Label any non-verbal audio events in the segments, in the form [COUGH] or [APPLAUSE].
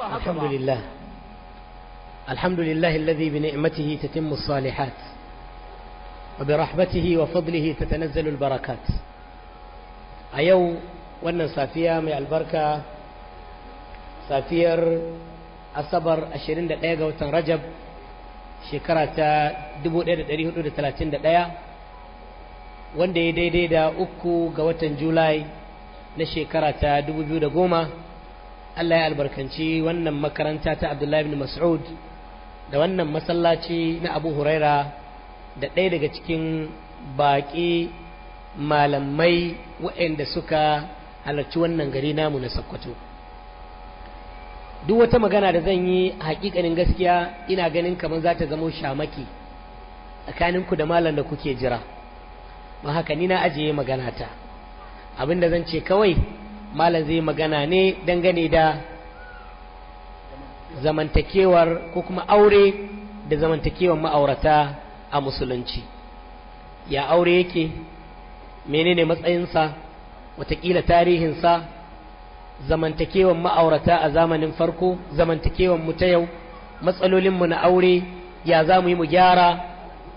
الحمد لله الحمد لله الذي بنعمته تتم الصالحات وبرحمته وفضله تتنزل البركات a yau wannan safiya mai albarka safiyar asabar 21 ga watan rajab shekara ta 1431 wanda ya daidai da uku ga watan julai na shekara ta goma. Allah ya albarkanci wannan makaranta ta Abdullahi bin Mas'ud da wannan masallaci na Abu Huraira da ɗaya daga cikin baƙi malamai waɗanda suka halarci wannan gari namu na Sokoto. Duk wata magana da zan yi haƙiƙanin gaskiya ina ganin kamar za ta zamo shamaki tsakaninku da malam da kuke jira. Don haka ni na ajiye magana ta. Abin da zan ce kawai malam zai magana ne dangane da zamantakewar ko kuma aure da zamantakewar ma'aurata a musulunci ya aure yake menene matsayinsa watakila tarihinsa zamantakewar ma'aurata a zamanin farko zamantakewar mu ta yau matsalolinmu na aure ya za mu yi mu gyara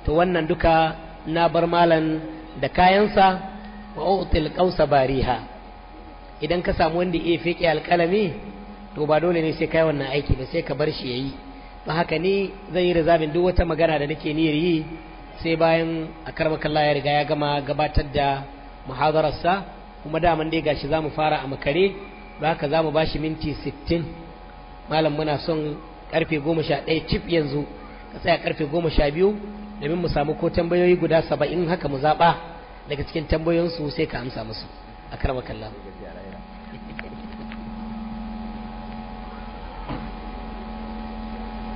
ta wannan duka na bar malam da kayansa wa util qausa bariha idan ka samu wanda ya feke alkalami to ba dole ne sai kai wannan aiki ba sai ka bar shi yayi don haka ni zan yi rizabin duk wata magana da nake niyyar yi sai bayan a kalla ya riga ya gama gabatar da muhadararsa kuma daman dai gashi za mu fara a makare don haka za mu ba minti 60 malam muna son karfe 11 cif yanzu ka tsaya karfe 12 domin mu samu ko tambayoyi guda 70 haka mu zaba daga cikin tambayoyinsu sai ka amsa musu a kalla.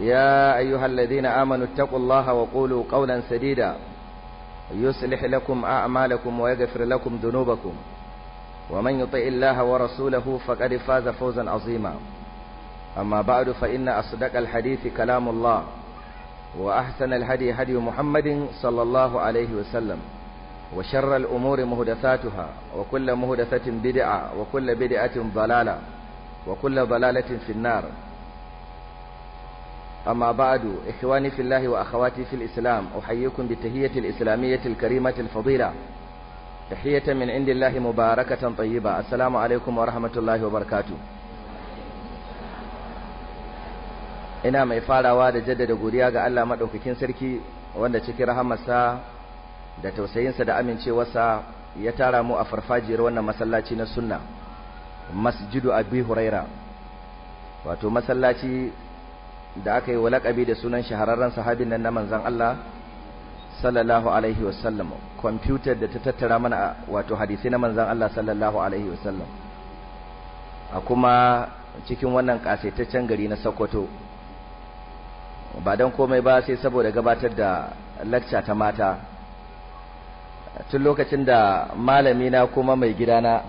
يا أيها الذين آمنوا اتقوا الله وقولوا قولا سديدا يصلح لكم أعمالكم ويغفر لكم ذنوبكم ومن يطع الله ورسوله فقد فاز فوزا عظيما أما بعد فإن أصدق الحديث كلام الله وأحسن الهدي هدي محمد صلى الله عليه وسلم وشر الأمور مهدثاتها وكل مهدثة بدعة وكل بدعة ضلالة وكل ضلالة في النار أما بعد إخواني في الله وأخواتي في الإسلام أحييكم بالتهية الإسلامية الكريمة الفضيلة تحية من عند الله مباركة طيبة السلام عليكم ورحمة الله وبركاته ina mai farawa da jaddada godiya ga Allah madaukakin sarki wanda cikin rahamarsa da tausayinsa da amincewarsa ya tara mu a farfajiyar wannan masallaci na sunna masjidu abi huraira wato masallaci da aka yi wa laƙabi da sunan shahararren sahabin nan na manzan Allah sallallahu alaihi wasallam kwamfutar da ta tattara mana wato hadisi na manzan Allah sallallahu alaihi wasallam a kuma cikin wannan ƙasaitaccen gari na Sokoto ba don komai ba sai saboda gabatar da lakca ta mata tun lokacin da malami na kuma mai gidana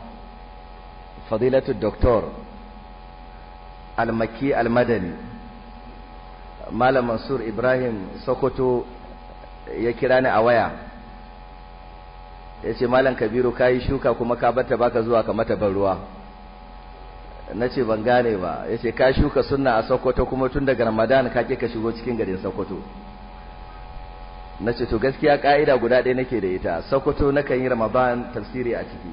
fadilatu doktor almaki almadani malam mansur ibrahim sokoto ya kira ni a waya ya ce malam kabiru ka yi shuka kuma ka bata baka zuwa ka mata ban ruwa na ce ban gane ba ya ce ka shuka suna a sokoto kuma tun daga ramadan ka ke ka shigo cikin garin sokoto na ce to gaskiya ka'ida guda ɗaya nake da ita sokoto na kan yi ramadan tafsiri a ciki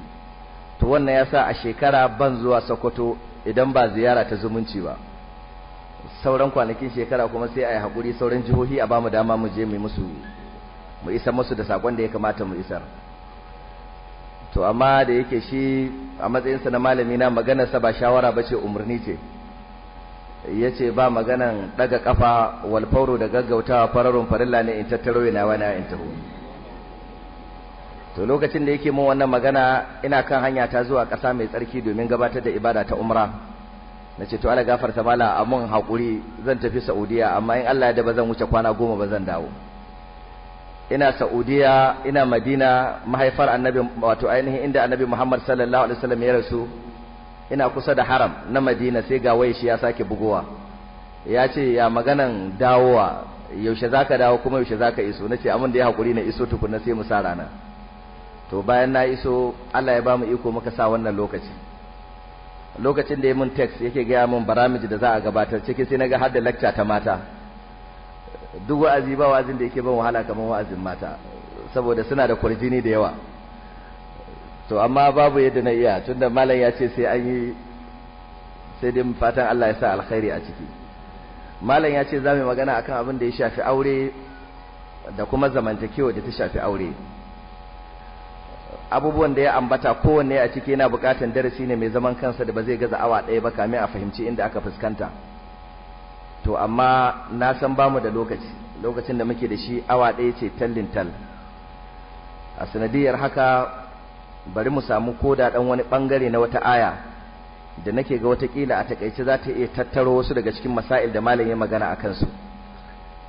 to wannan ya sa a shekara ban zuwa sokoto idan ba ziyara ta zumunci ba sauran kwanakin shekara kuma sai a yi haƙuri sauran jihohi a ba mu dama mu je mu musu mu isar musu da sakon da ya kamata mu isar to amma da yake shi a matsayinsa na malami na sa ba shawara ba ce umarni ce ya ce ba maganan ɗaga ƙafa walfauro da gaggautawa fararun farilla ne in tattaro yana wani a taho to lokacin da yake mun wannan magana ina kan hanya ta zuwa ƙasa mai tsarki domin gabatar da ibada ta umra na ce to ala gafarta mala a mun haƙuri zan tafi saudiya amma in allah da ba zan wuce kwana goma ba zan dawo ina saudiya ina madina mahaifar annabi wato ainihin inda annabi muhammad sallallahu alaihi wasallam ya rasu ina kusa da haram na madina sai ga wai shi ya sake bugowa ya ce ya maganan dawowa yaushe zaka dawo kuma yaushe zaka iso nace amin da ya hakuri na iso tukunna sai mu sa rana to bayan na iso Allah ya bamu iko muka sa wannan lokaci lokacin da ya mun text yake gaya mun baramiji da za a gabatar ciki sai ga har da lecture ta mata duk wa'azi ba wa'azin da yake ban wahala kamar wa'azin mata saboda suna da kurjini da yawa to amma babu yadda na iya tunda malam ya ce sai an yi sai dai fatan Allah ya sa alkhairi a ciki malam ya ce za mu magana akan abin da ya shafi aure da kuma zamantakewa da ta shafi aure abubuwan da ya ambata kowanne a ciki yana bukatar darasi ne mai zaman kansa da ba zai gaza awa ɗaya ba kamin a fahimci inda aka fuskanta to amma na san bamu da lokaci lokacin da muke da shi awa ɗaya ce tallin tal a sanadiyar haka bari mu samu koda ɗan wani ɓangare na wata aya da nake ga watakila a takaice za ta iya tattaro wasu daga cikin masail da malam ya magana a kansu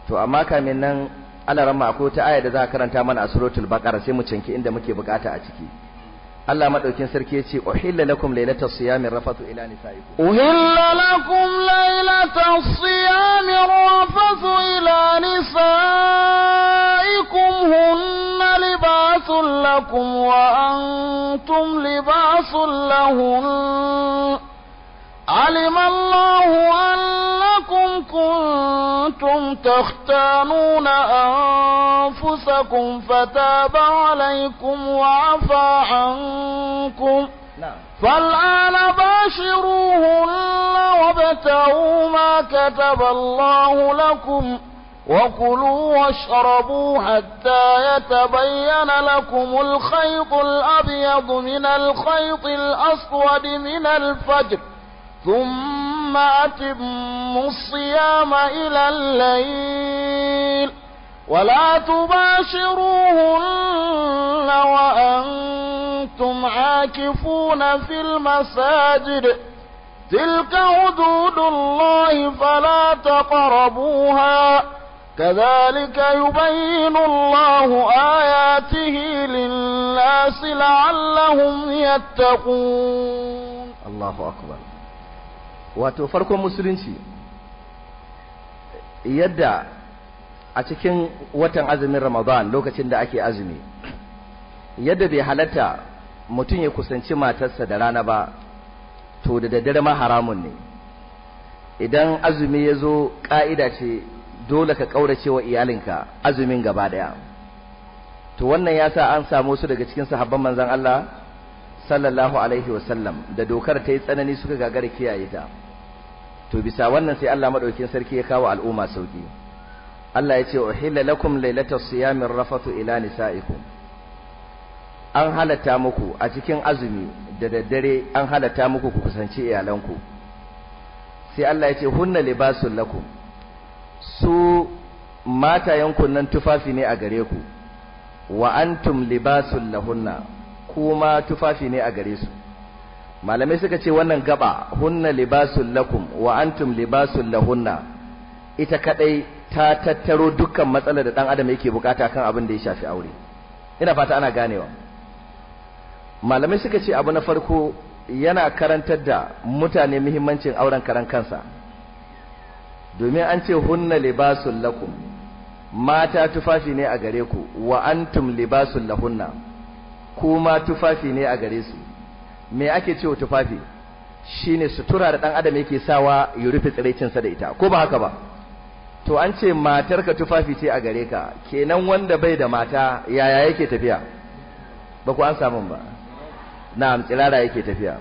to amma kamin nan Allah ramma akwai wata aya da za ka karanta mana a suratul baqara sai mu cinki inda muke bukata a ciki Allah madaukin sarki ya ce uhilla lakum lailatas siyami rafatu ila nisaikum uhilla lakum lailatas siyami rafatu ila nisaikum hunna libasul lakum wa antum libasul lahun alima Allahu an تختانون أنفسكم فتاب عليكم وعفى عنكم نعم. فالآن باشروهن وابتغوا ما كتب الله لكم وكلوا واشربوا حتى يتبين لكم الخيط الأبيض من الخيط الأسود من الفجر ثم ثم أتموا الصيام إلى الليل ولا تباشروهن وأنتم عاكفون في المساجد تلك حدود الله فلا تقربوها كذلك يبين الله آياته للناس لعلهم يتقون الله أكبر wato farkon musulunci yadda a cikin watan azumin ramadan lokacin da ake azumi yadda bai halatta mutum ya kusanci matarsa da rana ba to da daddare ma haramun ne idan azumi ya zo ƙa'ida ce dole ka ƙaurace wa iyalinka azumin gaba ɗaya to wannan ya sa an samu su daga cikin sahabban manzan Allah sallallahu alaihi wasallam da dokar ta yi tsanani suka gagara kiyaye ta to bisa wannan sai Allah madaukin sarki ya kawo al'umma sauki Allah ya ce uhilla lakum lailatas siyamir rafatu ila nisaikum an halatta muku a cikin azumi da daddare an halatta muku ku kusanci iyalanku sai Allah ya ce hunna libasul lakum su matayen nan tufafi ne a gare ku wa antum libasul lahunna kuma tufafi ne a gare su malamai suka ce wannan gaba hunna libasul lakum wa antum libasul lahunna ita kadai ta tattaro dukkan matsalar da dan adam yake bukata kan abin da ya shafi aure ina fata ana ganewa malamai suka ce abu na farko yana karantar da mutane muhimmancin auren karan kansa domin an ce hunna libasul lakum mata tufafi ne a gare ku wa antum libasul lahunna kuma tufafi ne a gare su me ake cewa tufafi shine sutura da dan adam yake sawa ya rufe tsiraicinsa da ita ko ba haka ba to an ce matarka tufafi ce a gare ka kenan wanda bai da mata yaya yake tafiya ba ku an samu ba na tsirara yake tafiya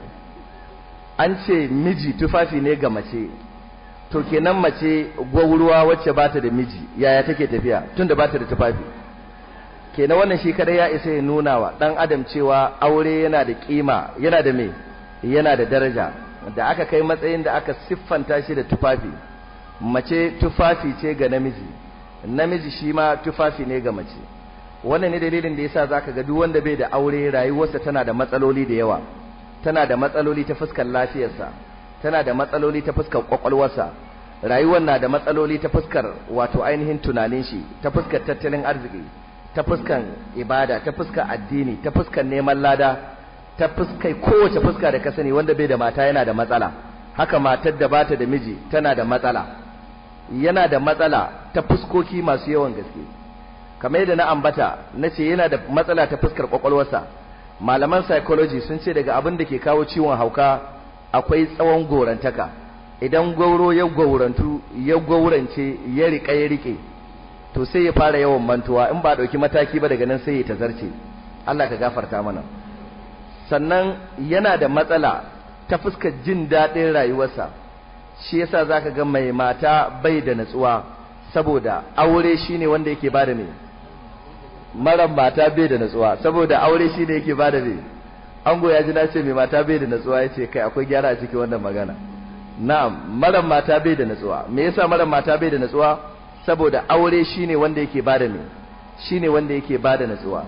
an ce miji tufafi ne ga mace to kenan mace gwauruwa wacce bata da miji yaya take tafiya tunda bata da tufafi kenan wannan shi kada ya isa ya nuna wa ɗan adam cewa aure yana da kima yana da me yana da daraja da aka kai matsayin da aka siffanta shi da tufafi mace tufafi ce ga namiji namiji shi ma tufafi ne ga mace wannan ne dalilin da yasa zaka ga duk wanda bai da aure rayuwarsa tana da matsaloli da yawa tana da matsaloli ta fuskar lafiyarsa tana da matsaloli ta fuskar kwakwalwarsa rayuwar na da matsaloli ta fuskar wato ainihin tunanin shi ta fuskar tattalin arziki ta fuskan ibada ta fuskan addini ta fuskan neman lada ta fuskai kowace fuska da ka sani wanda bai da mata yana da matsala haka matar da bata da miji tana da matsala yana da matsala ta fuskoki masu yawan gaske kamar yadda na ambata na ce yana da matsala ta fuskar kwakwalwarsa malaman psychology sun ce daga abin da ke kawo ciwon hauka akwai tsawon gorantaka idan gauro ya gaurantu ya gaurance ya riƙa ya riƙe to sai ya fara yawan mantuwa in ba dauki mataki ba daga nan sai ya tazarce Allah ka gafarta mana sannan yana da matsala ta fuskar jin daɗin rayuwarsa shi yasa zaka ga mai mata bai da natsuwa saboda aure shine wanda yake bada me maran mata bai da natsuwa saboda aure shine yake bada ne ango ya ji na ce mai mata bai da natsuwa yace kai akwai gyara a cikin wannan magana na'am maran mata bai da natsuwa me yasa maran mata bai da natsuwa saboda aure shine wanda yake bada ne shine wanda yake bada natsuwa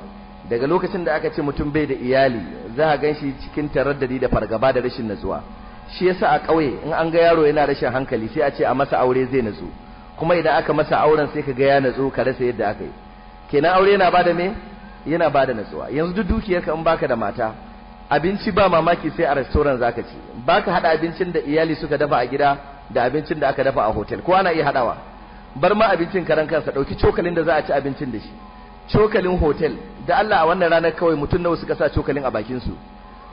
daga lokacin da aka ce mutum bai da iyali za a ganshi cikin taraddadi da fargaba da rashin natsuwa shi yasa a ƙauye in an ga yaro yana rashin hankali sai a ce a masa aure zai natsu kuma idan aka masa auren sai ka ga ya natsu ka rasa yadda aka yi kenan aure yana bada me yana bada natsuwa yanzu duk dukiyarka in baka da mata abinci ba mamaki sai a restaurant zaka ci baka hada abincin da iyali suka dafa a gida da abincin da aka dafa a hotel ko ana iya hadawa bar ma abincin karan kansa dauki cokalin da za a ci abincin da shi cokalin hotel da Allah a wannan ranar kawai mutum nawa suka sa cokalin a bakin su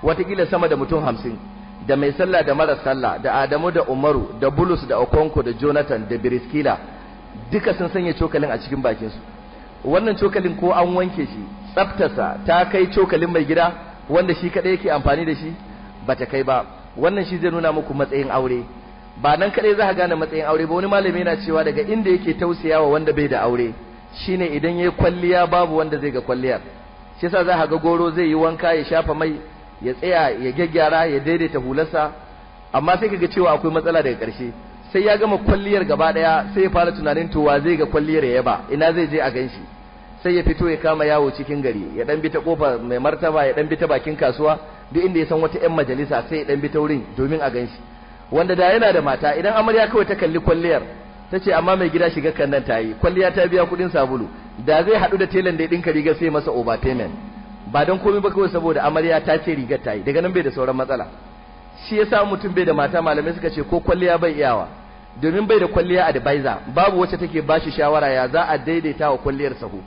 watakila sama da mutum hamsin da mai sallah da mara sallah da Adamu da Umaru da Bulus da Okonko da Jonathan da Biriskila duka sun sanya cokalin a cikin bakin su wannan cokalin ko an wanke shi tsaftarsa ta kai cokalin mai gida wanda shi kadai yake amfani da shi bata kai ba wannan shi zai nuna muku matsayin aure ba nan kaɗai za a gane matsayin aure ba wani malami yana cewa daga inda yake tausayawa wanda bai da aure shine idan yayi kwalliya babu wanda zai ga kwalliyar shi yasa za a ga goro zai yi wanka ya shafa mai ya tsaya ya gyaggyara ya daidaita hularsa amma sai kaga cewa akwai matsala daga ƙarshe sai ya gama kwalliyar gaba daya sai ya fara tunanin to wa zai ga kwalliyar ya ba ina zai je a ganshi sai ya fito ya kama yawo cikin gari ya dan bi ta kofa mai martaba ya dan bi ta bakin kasuwa duk inda ya san wata yan majalisa sai ya dan bi ta wurin domin a ganshi wanda da yana da mata idan amarya kawai ta kalli kwalliyar ta ce amma mai gida shiga kan nan ta yi kwalliya ta biya kuɗin sabulu da zai haɗu da telan da ya ɗinka rigar sai masa overpayment ba don komai ba kawai saboda amarya ta ce rigar ta yi daga nan bai da sauran matsala shi ya sa mutum bai da mata malamai suka ce ko kwalliya bai iyawa domin bai da kwalliya advisor babu wacce take ba shi shawara ya za a daidaita wa kwalliyar sahu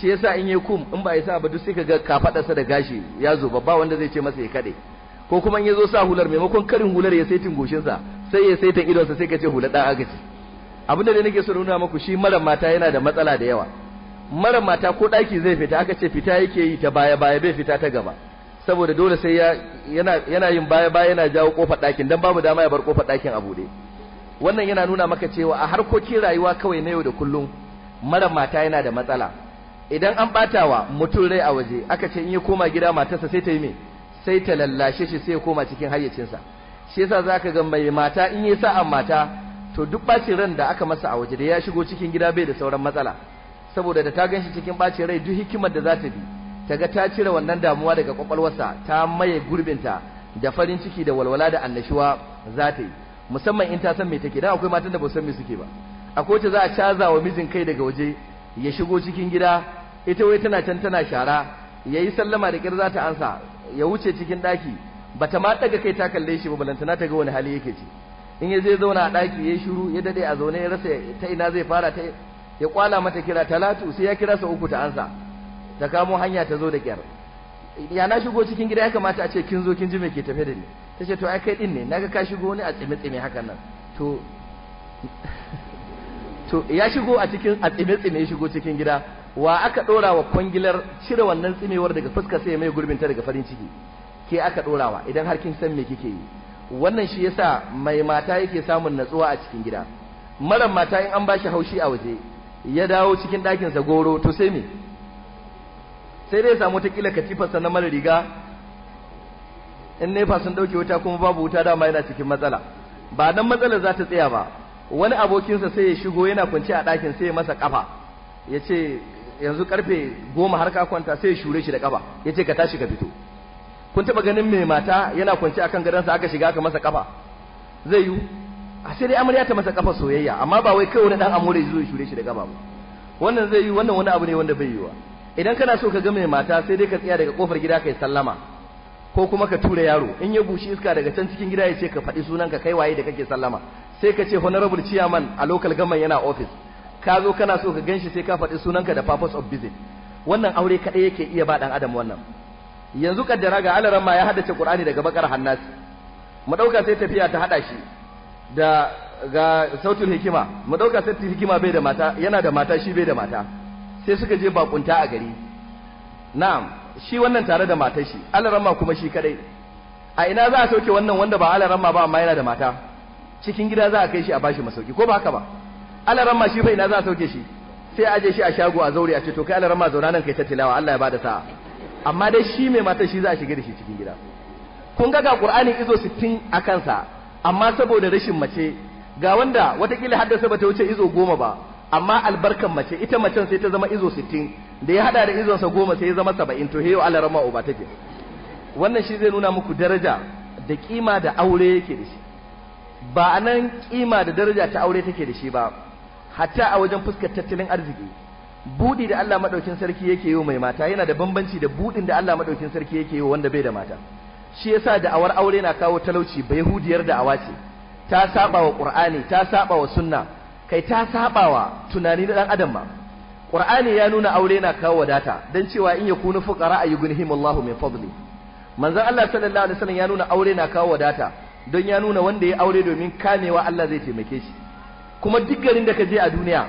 shi ya sa in yi kum in ba ya sa ba duk sai ka ga kafaɗarsa da gashi ya zo ba wanda zai ce masa ya kaɗe. ko kuma ya zo sa hular maimakon karin hular ya saitin goshinsa sai ya idon sa sai ka ce hular ɗan agaji abin da nake so nuna muku shi mara mata yana da matsala da yawa mara mata ko ɗaki zai fita aka ce fita yake yi ta baya baya bai fita ta gaba saboda dole sai ya yana yana yin baya baya yana jawo kofar ɗakin dan babu dama ya bar kofar ɗakin a buɗe wannan yana nuna maka cewa a harkokin rayuwa kawai na yau da kullum mara mata yana da matsala idan an batawa mutum rai a waje aka ce in ya koma gida matarsa sai ta yi me sai ta lallashe shi sai ya koma cikin hayyacinsa shi yasa zaka ga mai mata in yi sa'an mata to duk bacin ran da aka masa a waje da ya shigo cikin gida bai da sauran matsala saboda da ta shi cikin bacin rai duk hikimar da za ta bi ta ga ta cire wannan damuwa daga kwakwalwarsa ta maye gurbinta da farin ciki da walwala da annashuwa za ta yi musamman in ta san me take dan akwai matan da ba san me suke ba akwai wacce za a caza wa mijin kai daga waje ya shigo cikin gida ita wai tana can tana shara ya yi sallama da kir za ta ansa ya wuce cikin daki ta ma daga kai ta kalle shi ba balantana ta ga wani hali yake ci in ya zai zauna a daki ya shiru ya dade a zaune ya rasa ta ina zai fara ta ya kwala mata kira talatu sai ya kira sa uku ta ansa ta kamo hanya ta zo da kyar ya na shigo cikin gida ya kamata a ce kin zo kin ji me ke tafe da ni ta ce to ai kai din ne naga ka shigo ne a tsime tsime hakan nan to [LAUGHS] to ya shigo a cikin a tsime tsime shigo cikin gida wa aka dora wa kwangilar cire wannan tsimewar daga fuska sai mai gurbinta daga farin ciki ke aka wa idan har kin san me kike yi wannan shi yasa mai mata yake samun natsuwa a cikin gida maran mata in an bashi haushi a waje ya dawo cikin ɗakin sa goro to sai me sai dai ya samu ta kila katifar sa na mara riga in nefa sun dauke wuta kuma babu wuta dama yana cikin matsala ba dan matsalar za ta tsaya ba wani abokinsa sai ya shigo yana kwance a ɗakin sai ya masa kafa ya ce yanzu karfe goma har ka kwanta sai shure shi da kafa ya ce ka tashi ka fito kun taba ganin mai mata yana kwanci akan gadonsa aka shiga aka masa kafa zai yi a sai dai amarya ta masa kafa soyayya amma ba wai kai wani dan amore zai shure shi da kafa ba wannan zai yi wannan wani abu ne wanda bai yi wa idan kana so ka ga mai mata sai dai ka tsaya daga kofar gida kai sallama ko kuma ka tura yaro in ya bushi iska daga can cikin gida ya ce ka faɗi sunan ka kai waye da kake sallama sai ka ce honorable chairman a local government yana office ka zo kana so ka ganshi sai ka faɗi sunanka da purpose of visit wannan aure kaɗai yake iya ba ɗan adam wannan yanzu kaddara ga alaran ma ya haddace qur'ani daga bakar hannas mu ɗauka sai tafiya ta haɗa shi da ga sautin hikima mu ɗauka sai hikima bai da mata yana da mata shi bai da mata sai suka je bakunta a gari na'am shi wannan tare da matar shi ma kuma shi kadai a ina za a sauke wannan wanda ba ma ba amma yana da mata cikin gida za a kai shi a bashi masauki ko ba haka ba alaran shi fa ina za a sauke shi sai a aje shi a shago a zaure a ce to kai alaran zauna nan kai ta tilawa Allah ya bada sa'a amma dai shi mai mata shi za a shiga da shi cikin gida kun ga ga Qur'ani izo 60 a kansa amma saboda rashin mace ga wanda watakila haddasa bata wuce izo goma ba amma albarkan mace ita macen sai ta zama izo 60 da ya hada da izonsa goma sai ya zama 70 to heyo alaran ma uba take wannan shi zai nuna muku daraja da kima da aure yake da shi ba anan kima da daraja ta aure take da shi ba hatta a wajen fuskar tattalin arziki budi da Allah madaukin sarki yake yi mai mata yana da bambanci da budin da Allah madaukin sarki yake yi wanda bai da mata shi yasa da awar aure na kawo talauci bai hudiyar da awace ta saba wa qur'ani ta saba wa sunna kai ta saba wa tunani na dan adam ma qur'ani ya nuna aure na kawo wadata dan cewa in yakunu fuqara Allahu min fadli manzon Allah sallallahu alaihi wasallam ya nuna aure na kawo wadata don ya nuna wanda ya aure domin kamewa Allah zai taimake shi kuma duk garin da ka je a duniya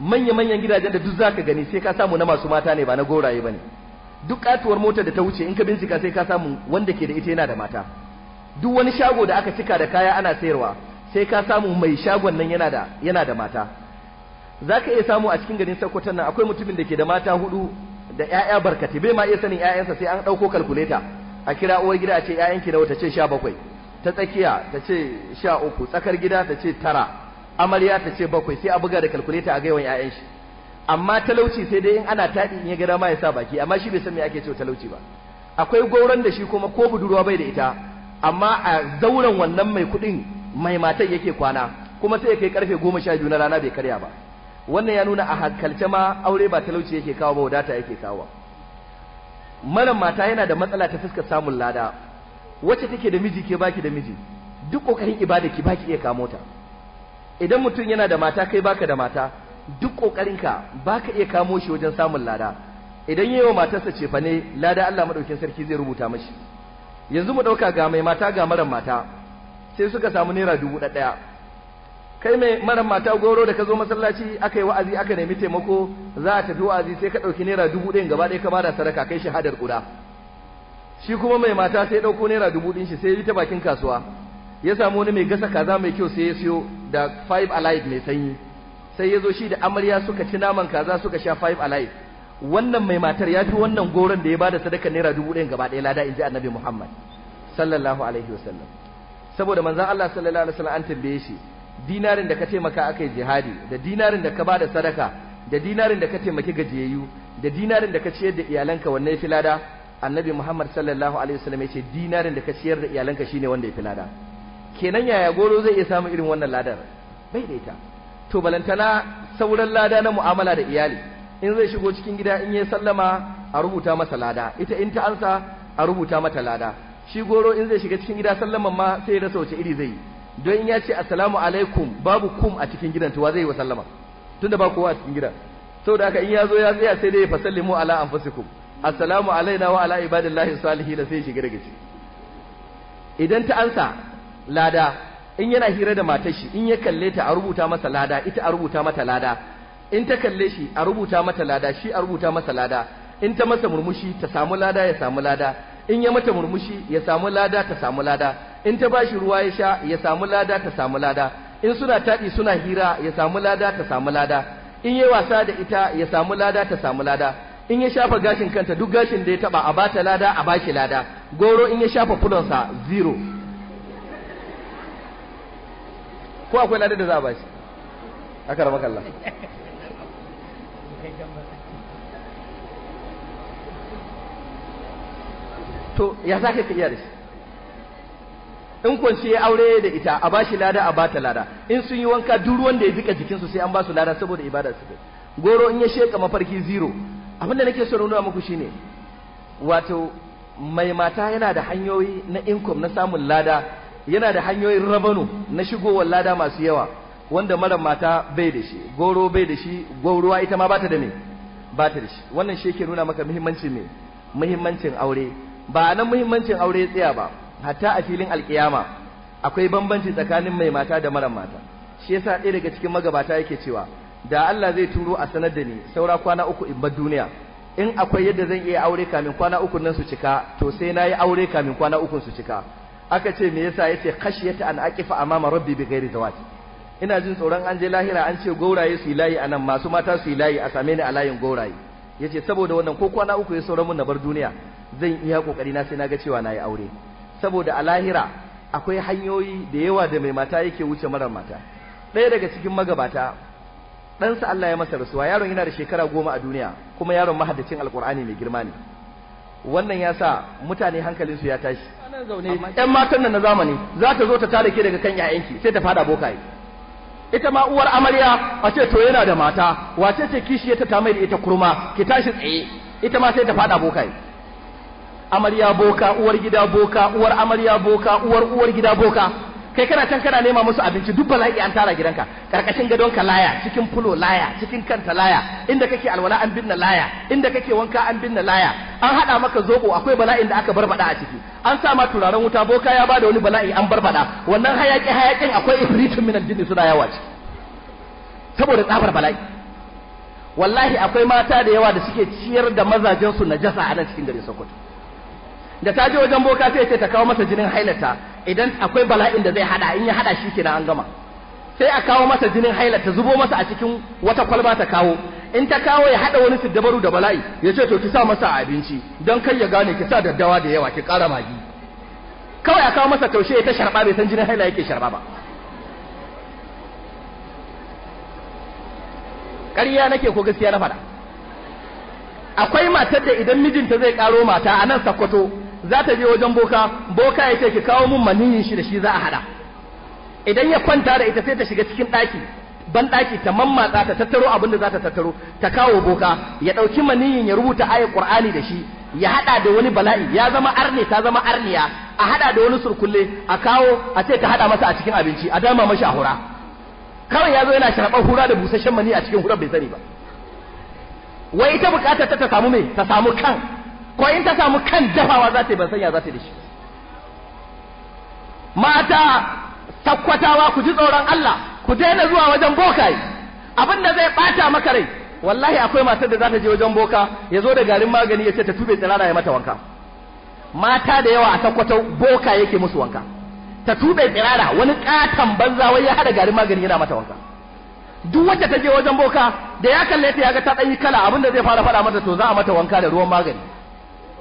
manya-manyan gidajen da duk za ka gani sai ka samu na masu mata ne ba na goraye ba ne duk katuwar mota da ta wuce in ka bincika sai ka samu wanda ke da ita yana da mata duk wani shago da aka cika da kaya ana sayarwa sai ka samu mai shagon nan yana da yana da mata iya samu a cikin garin Sokoto nan akwai mutumin da ke da mata hudu da 'ya'ya barkati bai ma iya sanin ƴaƴansa sai an ɗauko kalkuleta a kira uwar gida a ce 'ya'yanki nawa ta ce sha bakwai ta tsakiya ta ce sha uku tsakar gida ta ce tara amarya ta ce bakwai sai a buga da kalkuleta a gaiwan ƴaƴan shi amma talauci sai dai in ana taɗi in ya gida ma ya sa baki amma shi bai san me ake cewa talauci ba akwai gauran da shi kuma ko budurwa bai da ita amma a zauren wannan mai kuɗin mai matan yake kwana kuma sai ya kai karfe goma sha biyu na rana bai karya ba wannan ya nuna a hankalce ma aure ba talauci yake kawo ba wadata yake kawo malam mata yana da matsala ta fuskar samun lada wacce take da miji ke baki da miji duk kokarin ibada ki baki iya kamo ta idan mutum yana da mata kai baka da mata duk kokarinka baka iya kamo shi wajen samun lada idan yayi wa matarsa cefa ne lada Allah madaukin sarki zai rubuta mashi yanzu mu dauka ga mai mata ga maran mata sai suka samu naira dubu ɗaya kai mai maran mata goro da ka zo masallaci aka yi wa'azi aka nemi taimako za a tafi wa'azi sai ka ɗauki naira dubu ɗaya gaba ɗaya ka bada sadaka kai shahadar ƙura. shi kuma mai mata sai ɗauko naira dubu ɗin shi sai ya yi ta bakin kasuwa ya samu wani mai gasa kaza mai kyau sai ya siyo da five alive mai sanyi sai ya zo shi da amarya suka ci naman kaza suka sha five alive wannan mai matar ya fi wannan goron da ya bada sadaka naira dubu ɗaya gaba ɗaya lada in ji annabi muhammad sallallahu alaihi wasallam saboda manzon allah sallallahu alaihi wasallam an tambaye shi dinarin da ka taimaka aka yi jihadi da dinarin da ka bada sadaka da dinarin da ka taimaki gajiyayyu da dinarin da ka ciyar da iyalanka wanne ya fi lada annabi muhammad sallallahu alaihi wasallam ya ce dinarin da ka ciyar da iyalanka shine wanda ya fi lada kenan yaya goro zai iya samun irin wannan ladar bai da ita to balantana sauran lada na mu'amala da iyali in zai shigo cikin gida in ya sallama a rubuta masa lada ita in ta ansa a rubuta mata lada shi goro in zai shiga cikin gida sallaman ma sai ya rasa wace iri zai yi don in ya ce assalamu alaikum babu kum a cikin gidan tuwa wa zai yi wa sallama tunda ba kowa a cikin gidan saboda haka in ya zo ya tsaya sai dai ya fasallimu ala anfusikum assalamu alaina wa ala ibadillahi salihin sai ya shiga daga ciki idan ta ansa lada in yana hira da matar shi in ya kalle ta a rubuta masa lada ita a rubuta mata lada in ta kalle shi a rubuta mata lada shi a rubuta masa lada in ta masa murmushi ta samu lada ya samu lada in ya mata murmushi ya samu lada ta samu lada in ta bashi ruwa ya sha ya samu lada ta samu lada in suna taɗi suna hira ya samu lada ta samu lada in yi wasa da ita ya samu lada ta samu lada in ya shafa gashin kanta duk gashin da ya taba a bata lada a bashi lada goro in ya shafa fulonsa zero ko akwai ladar da za a ba shi aka rama kalla to ya za ka iya da shi in kwanci ya aure da ita a ba shi lada a ba ta lada in sun yi wanka duk wanda ya jika jikinsu sai an ba su lada saboda ibada su goro in ya sheka mafarki zero abin da nake so nuna muku shine wato mai mata yana da hanyoyi na inkom na samun lada yana da hanyoyin rabano na shigowar lada masu yawa wanda mara mata bai da shi goro bai da shi gauruwa ita ma bata da me bata da shi wannan shi yake nuna maka muhimmancin me muhimmancin aure ba nan muhimmancin aure tsaya ba hatta a filin alkiyama akwai bambanci tsakanin mai mata da mara mata shi yasa ɗaya daga cikin magabata yake cewa da Allah zai turo a sanar da ni saura kwana uku in bar duniya in akwai yadda zan iya aure kamin kwana uku nan su cika to sai nayi aure kamin kwana uku su cika aka ce me yasa yace khashiyata an aqifa amama rabbi bi ghairi zawaj ina jin tsoron an je lahira an ce gauraye su layi anan masu mata su layi a same ni a layin gauraye yace saboda wannan ko kwana uku ya sauran mun na bar duniya zan iya kokari na sai na ga cewa nayi aure saboda a lahira akwai hanyoyi da yawa da mai mata yake wuce marar mata ɗaya daga cikin magabata ɗansa Allah ya masa rasuwa yaron yana da shekara goma a duniya kuma yaron mahaddacin alkur'ani mai girma ne wannan ya sa mutane hankalinsu ya tashi ‘yan matan nan na zamani za ta zo ta tare ke daga kan ‘ya'yanki sai ta fada bokaye ita ma uwar amarya a ce to yana da mata wace ce kishi ta tamai da ita kurma ki tashi tsaye ita ma sai ta fada bokaye amarya boka uwar gida boka uwar amarya boka uwar uwar gida boka kai kana can kana nema musu abinci duk bala'i an tara gidanka karkashin gadonka laya cikin fulo laya cikin kanta laya inda kake alwala an binna laya inda kake wanka an binna laya an hada maka zobo akwai bala'in da aka barbada a ciki an sa ma turaren wuta boka ya bada wani bala'i an barbada wannan hayaki hayakin akwai ifritun min aljinni suna yawa ciki saboda tsabar bala'i wallahi akwai mata da yawa da suke ciyar da mazajensu su jasa a nan cikin gari Sokoto da ta je wajen boka sai ta kawo masa jinin hailata idan akwai bala'in da zai hada in ya hada shi kenan an gama sai a kawo masa jinin haila ta zubo masa a cikin wata kwalba ta kawo in ta kawo ya hada wani siddabaru da bala'i ya ce to ki sa masa abinci don kai ya gane ki sa daddawa da yawa ki kara magi kawai a kawo masa taushe ta sharba bai san jinin haila yake sharba ba ƙarya nake ko gaskiya na faɗa akwai matar da idan mijinta zai karo mata a nan sakkwato za ta je wajen boka boka ya ce ki kawo mun maniyin shi da shi za a hada idan ya kwanta da ita sai ta shiga cikin ɗaki ban ɗaki ta mammatsa ta tattaro abin da za ta tattaro ta kawo boka ya ɗauki maniyin ya rubuta ayat qur'ani da shi ya hada da wani bala'i ya zama arne ta zama arniya a hada da wani surkulle a kawo a ce ta hada masa a cikin abinci a dama mashi a hura kawai ya zo yana sharɓar hura da busasshen mani a cikin hura bai sani ba wai ita bukatar ta ta samu me? ta samu kan ko in ta samu kan dafawa za ta yi ban sanya za ta da shi mata sakwatawa ku ji tsoron Allah ku daina zuwa wajen bokaye abin da zai bata maka rai wallahi akwai matar da za ta je wajen boka ya zo da garin magani ya ce ta tube tsirara ya mata wanka mata da yawa a sakkwato boka yake musu wanka ta tube tsirara wani katon banza wai ya hada garin magani yana mata wanka duk wacce ta je wajen boka da ya kalle ta ya ga ta ɗan kala abin da zai fara faɗa mata to za a mata wanka da ruwan magani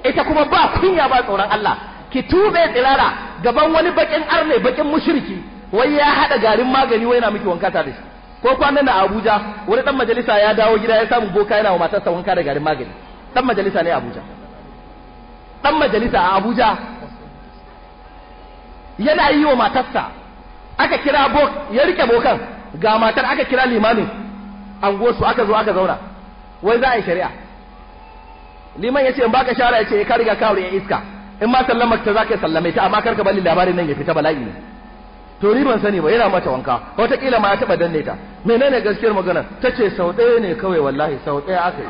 ita kuma ba kunya ba tsoron Allah ki tube tsirara gaban wani bakin arne bakin mushriki wai ya hada garin magani wai yana miki wanka ta dashi ko kwanan na Abuja wani dan majalisa ya dawo gida ya samu boka yana wa matarsa wanka da garin magani dan majalisa ne Abuja dan majalisa a Abuja yana yi wa matarsa aka kira bok ya rike bokan ga matar aka kira limamin angosu aka zo aka zauna wai za a yi shari'a liman yace in baka shara yace ka riga ka aure iska in ma sallamar ta zaka sallame ta amma karka bari labarin nan ya fita bala'i ne to riban sani ba yana mata wanka wata kila ma ya taɓa danne ta menene gaskiyar magana tace sau ɗaya ne kawai wallahi sau ɗaya aka yi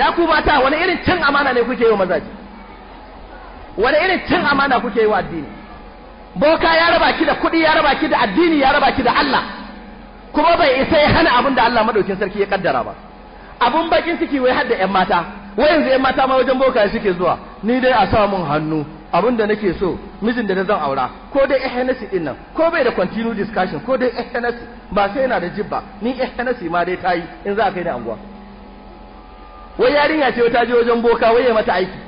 ya ku mata wani irin cin amana ne kuke yi wa mazaji wani irin cin amana kuke yi wa addini boka ya raba ki da kuɗi ya raba ki da addini ya raba ki da Allah kuma bai isa ya hana abin da Allah madaukin sarki ya kaddara ba abun bakin ciki wai har da ƴan mata wai yanzu ƴan mata ma wajen boka suke zuwa ni dai a sa min hannu abin da nake so mijin da zan aura ko dai ehnasi din nan ko bai da continue discussion ko dai ehnasi ba sai yana da jibba ni ehnasi ma dai tayi in za ka yi da anguwa wai yarinya ce ta je wajen boka wai ya mata aiki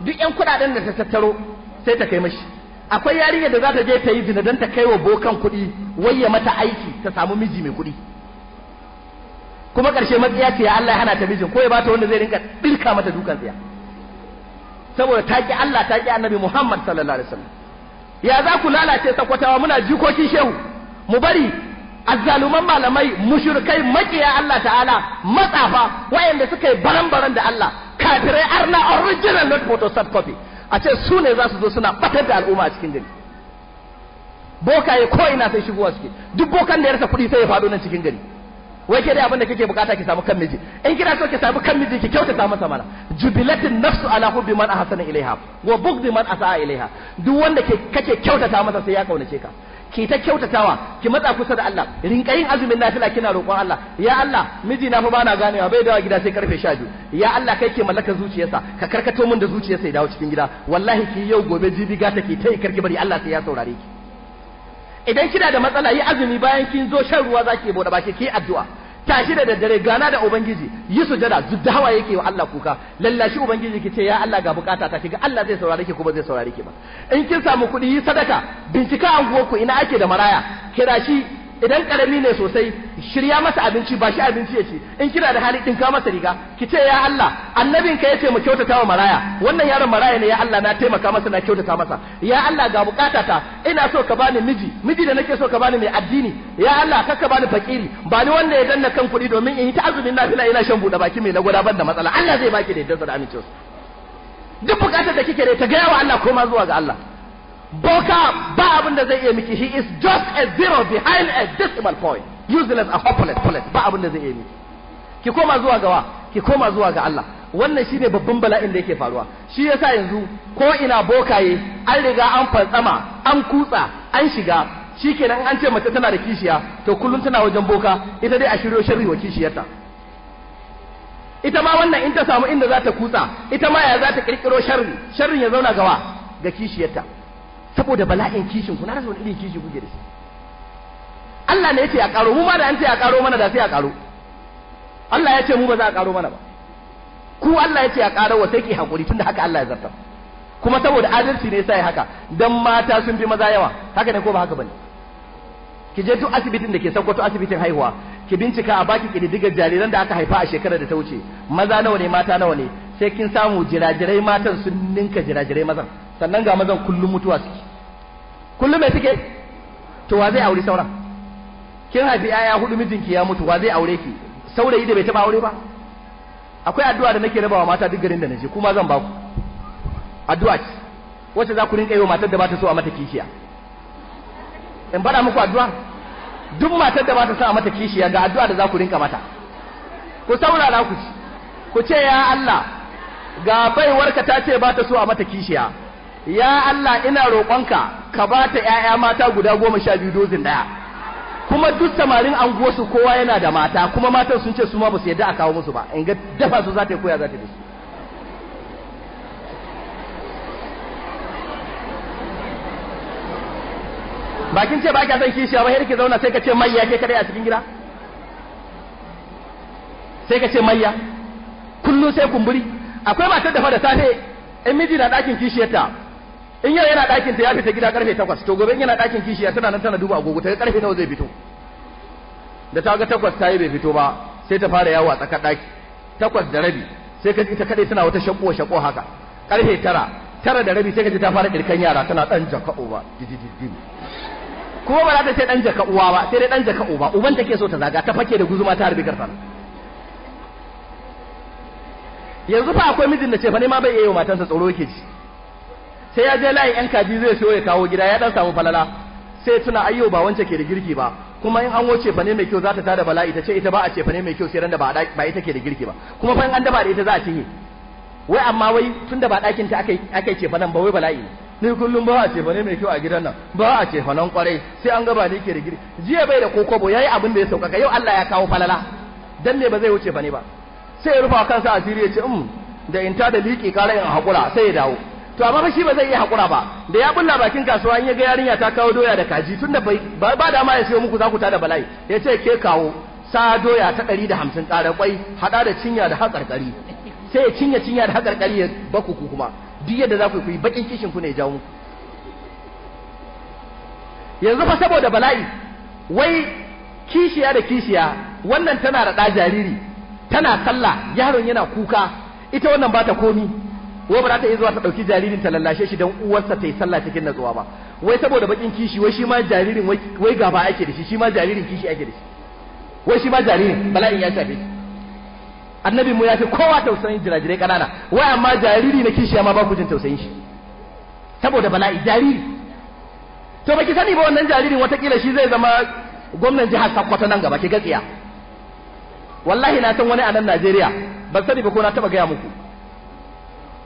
duk ƴan kudaden da ta tattaro sai ta kai mashi akwai yarinya da za ta je ta yi zina don ta kai wa bokan kuɗi wai mata aiki ta samu miji mai kuɗi kuma ƙarshe matsiya ce ya Allah ya hana ta mijin ko ya ba ta wanda zai rinka ɗirka mata dukan tsiya saboda ta ki Allah ta ki annabi Muhammad sallallahu alaihi wasallam ya za ku lalace sakwatawa muna jikokin shehu mu bari azzaluman malamai mushrikai makiya Allah ta'ala matsafa wayanda suka yi baran-baran da Allah kafirai arna original not photo copy a ce su ne za su zo suna batar da al'umma a cikin gari bokaye ko ina sai shigowa suke duk bokan da ya rasa kuɗi sai ya faɗo nan cikin gari wai ke dai abin da kake bukata ki samu kan miji in kina so ki samu kan miji ki kyautata masa mana jubilatin nafsu ala hubbi man ahsana ilaiha wa bughdi man asaa ilaiha duk wanda kake kyautata masa sai ya kaunace ka ki ta kyautatawa ki matsa kusa da Allah rinka yin azumin nafila kina roƙon Allah ya Allah miji na fa bana ganewa bai dawo gida sai karfe 12 ya Allah kai ke mallaka zuciyarsa ka karkato mun da zuciyarsa ya dawo cikin gida wallahi ki yau gobe jibi ga take tai karki bari Allah sai ya saurare ki idan kina da matsala yi azumi bayan kin zo shan ruwa zaki bude baki ki addu'a tashi da daddare gana da ubangiji yi sujada duk da hawa yake wa Allah kuka lallashi ubangiji ki ce ya Allah ga bukata ta kiga Allah zai saurare ki kuma zai saurare ki ba in kin samu kuɗi yi sadaka bincika anguwar ku ina ake da maraya kira shi idan karami ne sosai shirya masa abinci ba shi abinci ya ce, in kina da hali din ka masa riga ki ce ya Allah annabin ka yace mu kyautata wa maraya wannan yaron maraya ne ya Allah na taimaka masa na kyautata masa ya Allah ga bukatata ina so ka bani miji miji da nake so ka bani mai addini ya Allah kaka bani fakiri ba ni wanda ya danna kan kuɗi domin in yi ta azumin nafila ina shan buɗe baki mai na gudanar da matsala Allah zai baki da yadda da amincewa duk bukatar da kike da ta gaya wa Allah koma zuwa ga Allah boka ba abin da zai iya miki he is just a zero behind a decimal point useless a hopeless pointless ba abin da zai iya miki ki koma zuwa gawa ki koma zuwa ga Allah wannan shine babban bala'in da yake faruwa shi yasa yanzu ko ina bokaye an riga an fantsama an kutsa an shiga shi shikenan an ce mace tana da kishiya to kullum tana wajen boka ita dai a shiryo sharri wa kishiyarta ita ma wannan in ta samu inda za ta kutsa ita ma ya za ta kirkiro sharri sharrin ya zauna gawa ga kishiyarta saboda bala'in kishin ku na rasa wani irin kishi kuke da shi Allah ne yace a karo mu ma da an ce a karo mana da sai a karo Allah ya ce mu ba za a karo mana ba ku Allah ya ce a karo wa sai ki hakuri tunda haka Allah ya zarta kuma saboda adalci ne ya haka dan mata sun bi maza yawa haka ne ko ba haka bane ki je duk asibitin da ke Sokoto asibitin haihuwa ki bincika a baki kididdigar jariran da aka haifa a shekarar da ta wuce maza nawa ne mata nawa ne sai kin samu jirajirai matan sun ninka jirajirai mazan sannan ga mazan kullum mutuwa suke kullum mai suke to wa zai aure sauran kin haifi yaya hudu mijinki ya mutu wa zai aure ki saurayi da bai taba aure ba akwai addu'a da nake rabawa mata duk garin da naje kuma zan baku addu'a ce wacce za ku rinka yi wa matar da ba ta so a mata kishiya in bada muku addu'a duk matar da ba ta so a mata kishiya ga addu'a da za ku rinka mata ku saurara ku ku ce ya Allah ga baiwarka ta ce ba ta so a mata kishiya ya Allah ina roƙonka ka ba ta ‘ya'ya mata guda goma sha biyu dozin ɗaya kuma duk samarin anguwarsu kowa yana da mata kuma matan sun ce su ma ba su yadda a kawo musu ba in ga dafa su za ta yi koya za ta su bakin ce ba ka son kishiya ba ki zauna sai ka ce mayya ke kadai a cikin gida sai ka ce mayya kullum sai kumburi akwai matar dafa da safe in miji na ɗakin kishiyarta in yau yana ɗakin ta ya fita gida karfe takwas to gobe in yana ɗakin kishiya tana nan tana duba agogo ta karfe nawa zai fito da ta ga takwas ta yi bai fito ba sai ta fara yawo a tsakar ɗaki takwas da rabi sai ka ji ta kaɗai tana wata shaƙo shaƙo haka karfe tara tara da rabi sai ka ji ta fara ɗirkan yara tana ɗan jaka uba kuma ba za ta sai ɗan jaka ba sai dai ɗan jaka uba uban take so ta zaga ta fake da guzuma ta harbi karfan yanzu fa akwai mijin da ce fa ne ma bai iya yi wa matansa tsoro yake ji sai ya je layin yan kaji zai so ya kawo gida ya dan samu falala sai tuna ayyo ba wance ke da girki ba kuma in an wuce fane mai kyau za ta tada bala'i ta ce ita ba a ce fane mai kyau sai ran da ba ba ita ke da girki ba kuma fa in an daba da ita za a cinye wai amma wai tunda ba dakin ta akai akai ce fanan ba wai bala'i ne kullum ba a ce fane mai kyau a gidan nan ba a ce fanan kwarai sai an gaba ni ke da girki jiya bai da kokobo yayi abin da ya sauƙaƙa yau Allah ya kawo falala dan ne ba zai wuce fane ba sai ya rufa kansa asiri ya ce um da in ta da liƙi ƙara in haƙura sai ya dawo to amma shi ba zai iya hakura ba da ya bulla bakin kasuwa in ya ga yarinya ta kawo doya da kaji tunda bai ba da ya sayo muku za ku tada bala'i ya ce ke kawo sa doya ta 150 da hamsin tsara kwai haɗa da cinya da haƙarƙari sai ya cinya cinya da haƙarƙari ya baku ku kuma duk yadda za ku yi baƙin kishin ku ne jawo yanzu fa saboda bala'i wai kishiya da kishiya wannan tana da jariri tana kalla yaron yana kuka ita wannan ba ta komi wa ba za ta iya zuwa ta ɗauki jaririn ta lallashe shi don uwarsa ta yi sallah cikin natsuwa ba wai saboda bakin kishi wai shi ma jaririn wai gaba ake da shi shi ma jaririn kishi ake da shi wai shi ma jaririn bala'in ya shafe shi annabi mu ya fi kowa tausayin jirajirai ƙanana wai amma jariri na kishi ma ba ku jin tausayin shi saboda bala'i jariri to baki sani ba wannan jaririn watakila shi zai zama gwamnan jihar Sokoto nan gaba ki gatsiya wallahi na san wani a nan Najeriya ban sani ba ko na taba gaya muku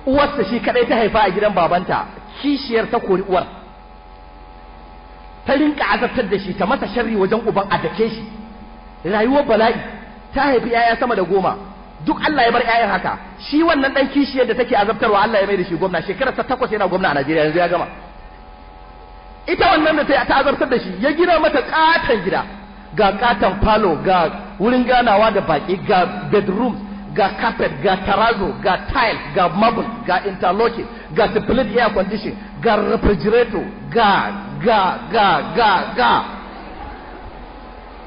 uwarsa shi kadai ta haifa a gidan babanta kishiyar ta kori uwar ta rinka azabtar da shi ta masa sharri wajen uban a dake shi rayuwar bala'i ta haifi yaya sama da goma duk Allah ya bar yayan haka shi wannan dan kishiyar da take azabtarwa Allah ya mai da shi gwamna shekarar ta takwas yana gwamna a Najeriya yanzu ya gama ita wannan da ta azabtar da shi ya gina mata katon gida ga katon falo ga wurin ganawa da baki ga bedrooms ga carpet ga tarazo ga tile ga marble ga interlocking ga split air condition ga refrigerator ga ga ga ga ga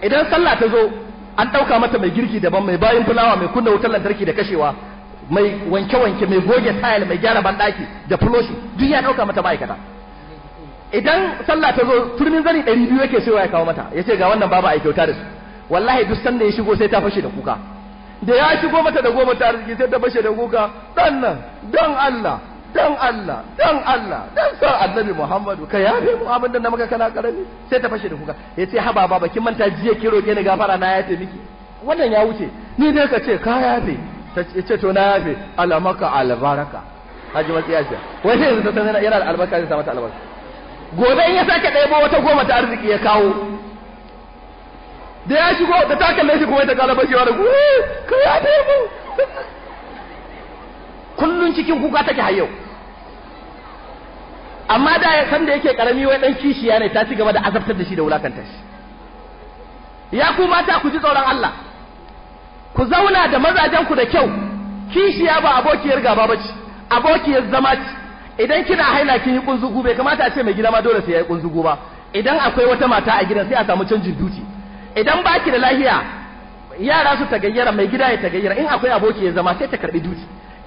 idan sallah ta zo an ɗauka mata mai girki daban mai bayan fulawa mai kunna wutar lantarki da kashewa mai wanke-wanke mai goge tile mai gyara banɗaki da fuloshi duk ya ɗauka mata ma'aikata idan sallah ta zo turmin zani ɗari biyu yake sayowa ya kawo mata ya ce ga wannan babu a kyauta da su wallahi duk sanda ya shigo sai ta fashe da kuka da ya ci goma ta da goma ta arziki sai ta bashe da kuka dan nan dan Allah dan Allah dan Allah dan sa annabi Muhammadu ka yafe mu abin da na maka kana karami sai ta fashe da kuka yace haba baba kin manta jiya ki roke ni gafara na yace miki wannan ya wuce ni dai ka ce ka yabe ta ce to na yafe alamaka albaraka haji ya ce wai sai yanzu ta sanar yana albarka zai sa mata albarka gobe in ya sake ɗebo wata goma ta arziki ya kawo da ya shigo da ta kalle shi kuma ta kala bakewa da ka ya mu kullun cikin kuka take har yau amma da ya san da yake karami wai dan kishiya ne ta ci gaba da azabtar da shi da wulakanta shi ya ku mata ku ji tsoron Allah ku zauna da mazajen ku da kyau kishiya ba abokiyar gaba bace abokiyar zama ce idan kina haila kin yi kunzugu bai kamata a ce mai gida ma dole sai yayi kunzugu ba idan akwai wata mata a gidan sai a samu canjin duti idan ba ki da lahiya yara su tagayyara mai gida ya tagayyara in akwai aboki ya zama sai ta karbi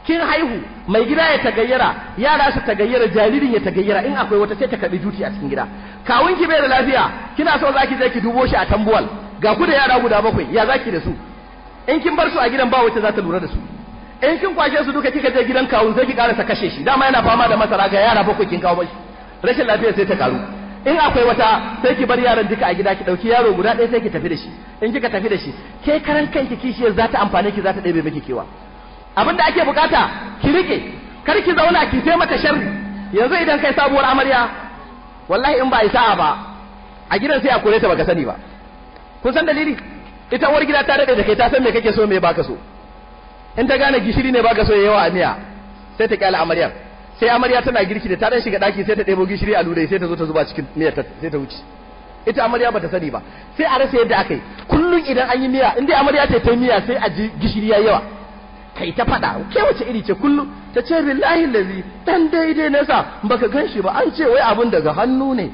kin haihu mai gida ya tagayyara yara su tagayyara jaririn ya tagayyara in akwai wata sai ta karbi duti a cikin gida kawun ki bai da lafiya kina so zaki je ki dubo shi a tambuwal ga ku da yara guda bakwai ya zaki da su in kin bar su a gidan ba wacce za ta lura da su in kin kwashe su duka kika je gidan kawun sai ki karasa kashe shi dama yana fama da masara ga yara bakwai kin kawo mashi rashin lafiya sai ta karu in akwai wata sai ki bar yaran duka a gida ki dauki yaro guda ɗaya sai ki tafi da shi in kika tafi da shi ke karan kanki kishiyar za ta amfane ki za ta ɗebe miki kewa abin da ake bukata ki rike kar ki zauna ki sai mata sharri yanzu idan kai sabuwar amarya wallahi in ba a sa'a ba a gidan sai a kore ta baka sani ba kun san dalili ita uwar gida ta daɗe da kai ta san me kake so me baka so in ta gane gishiri ne baka so yawa a miya sai ta kyale amaryar sai amarya tana girki da ta dan shiga daki sai ta ɗebo gishiri a lurai sai ta zo ta zuba cikin miyar ta sai ta wuce ita amarya bata sani ba sai a rasa yadda aka yi kullum idan an yi miya in dai amarya ta ta miya sai a ji gishiri a yawa kai ta faɗa ke wace iri ce kullum ta ce billahi dan daidai na sa baka gan ba an ce wai abun daga hannu ne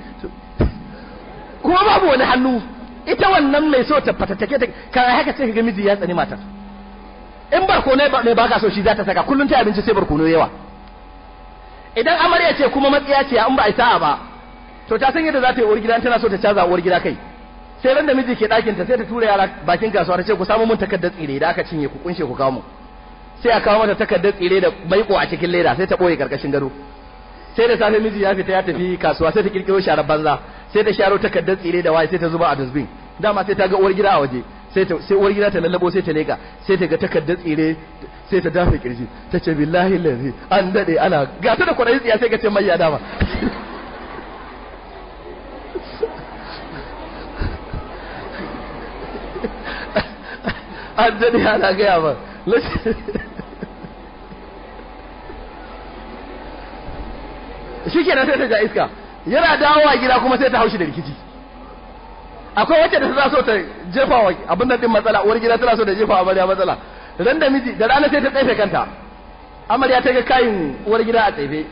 kuma babu wani hannu ita wannan mai so ta fatattake ta kan haka ce ga miji ya tsani matar in barkono ne ba ka so shi za ta saka kullum ta abinci sai barkono yawa idan amarya ce kuma matsiya ce an ba a sa'a ba to ta san yadda za ta yi uwar gida tana so ta caza uwar gida kai sai ran da miji ke ɗakin ta sai ta tura yara bakin kasuwa ta ce ku samu mun takardar tsire da aka cinye ku kunshe ku kawo mu sai a kawo mata takardar tsire da maiko a cikin leda sai ta boye karkashin gado sai da safe miji ya fita ya tafi kasuwa sai ta kirkiro sharar banza sai ta sharo takardar tsire da waye sai ta zuba a dusbin dama sai ta ga uwar gida a waje sai uwar gida ta lallabo sai ta leka sai ta ga takardar tsire sai ta dafe kirji ta ce billahi lazi an dade ana gata da kwarai tsiya sai ka ce mai dama an dade ana gaya ba shi kenan sai ta ja iska yana dawowa gida kuma sai ta haushi da rikici akwai wacce da ta so ta jefa wa abin nan din matsala uwar gida tana so da jefa amarya matsala ran da miji da rana sai ta tsefe kanta amarya ta ga kayin uwar gida a tsefe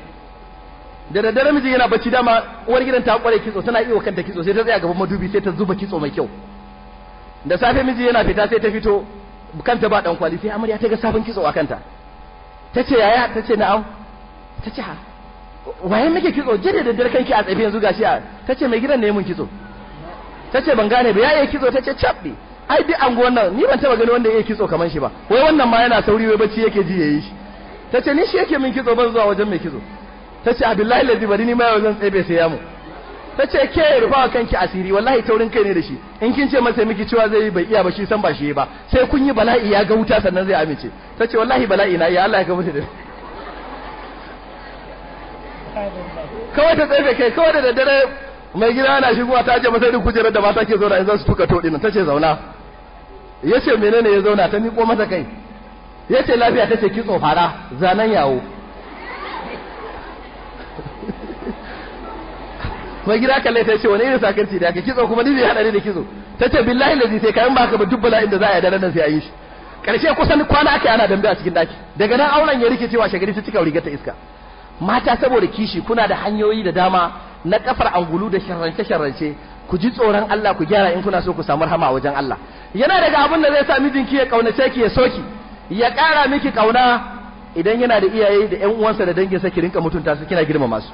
da daddare miji yana bacci dama uwar gidan ta kware kitso tana iya kanta kitso sai ta tsaya gaban madubi sai ta zuba kitso mai kyau da safe miji yana fita sai ta fito kanta ba dan kwali sai amarya ta ga sabon kitso a kanta tace yaya tace na'am tace ha waye muke kitso je da daddare kanki a tsafe yanzu gashi a tace mai gidan ne mun kitso tace ban gane ba yaya kitso tace chabbi ai duk anguwan nan ni ban taba gani wanda yake kitso kaman shi ba wai wannan ma yana sauri wai bacci yake ji yayi shi tace ni shi yake min kitso ban zuwa wajen mai kitso tace abdullahi lazi bari ni ma yau zan tsebe sai yamu tace ke rufa kanki asiri wallahi taurin kai ne da shi in kin ce masa miki cewa zai bai iya ba shi san ba shi ba sai kun yi bala'i ya ga wuta sannan zai amince tace wallahi bala'i na ya Allah ya ga mutu da kawai ta tsefe kai kawai da daddare mai gida ana shigowa ta ce masa duk kujerar da mata ke zauna in zan su tuka to ɗin tace zauna ya ce menene ya zauna ta miƙo mata kai ya ce lafiya ta ce kitso fara zanen yawo [LAUGHS] mai gida kalle ta ce wani irin sakarci da ka kitso kuma ni ya haɗari da kitso ta ce billahi lazi sai kayan baka ba dubbala inda za a yi daren nan sai a yi shi karshe kusan kwana aka ana dambe a cikin daki daga nan auren ya rike cewa shagari ta cika rigar ta iska mata saboda kishi kuna da hanyoyi da dama na kafar angulu da sharrance sharrance ku ji tsoron Allah ku gyara in kuna so ku samu rahama wajen Allah yana daga abin da zai sa mijinki ya kaunace ki ya soki ya kara miki kauna idan yana da iyaye da ƴan uwansa da sa ki rinka mutunta su kina girmama su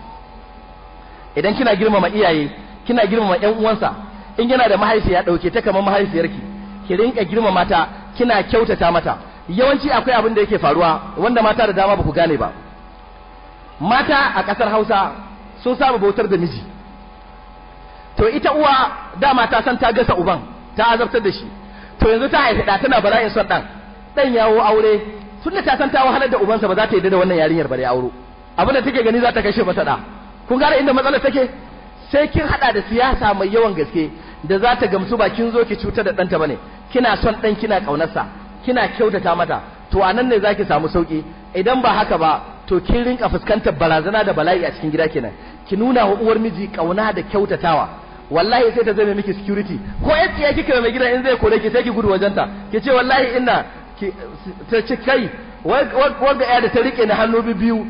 idan kina girmama iyaye kina girmama ƴan uwansa in yana da ya dauke ta kamar mahaifiyarki ki rinka girmama ta kina kyautata mata yawanci akwai abin da yake faruwa wanda mata da dama ba ku gane ba mata a ƙasar Hausa sun saba bautar da miji to ita uwa dama ta san ta gasa uban ta azabtar da shi to yanzu ta haifi da tana bala'in son dan dan yawo aure tun ta san ta wahalar da ubansa ba za ta yarda da wannan yarinyar ba aure abin da take gani za ta kashe mata da kun gane inda matsalar take sai kin hada da siyasa mai yawan gaske da za ta gamsu ba kin zo ki cutar da ɗanta bane kina son ɗan kina ƙaunarsa kina kyautata mata to anan ne zaki samu sauki idan ba haka ba to kin rinka fuskantar barazana da bala'i a cikin gida kenan ki nuna wa uwar miji kauna da kyautatawa wallahi sai ta zame miki security ko yace ya kika mai gida in zai kore ki sai ki gudu wajenta ki ce wallahi ina ki ta ci kai wanda ya da ta rike ni hannu biyu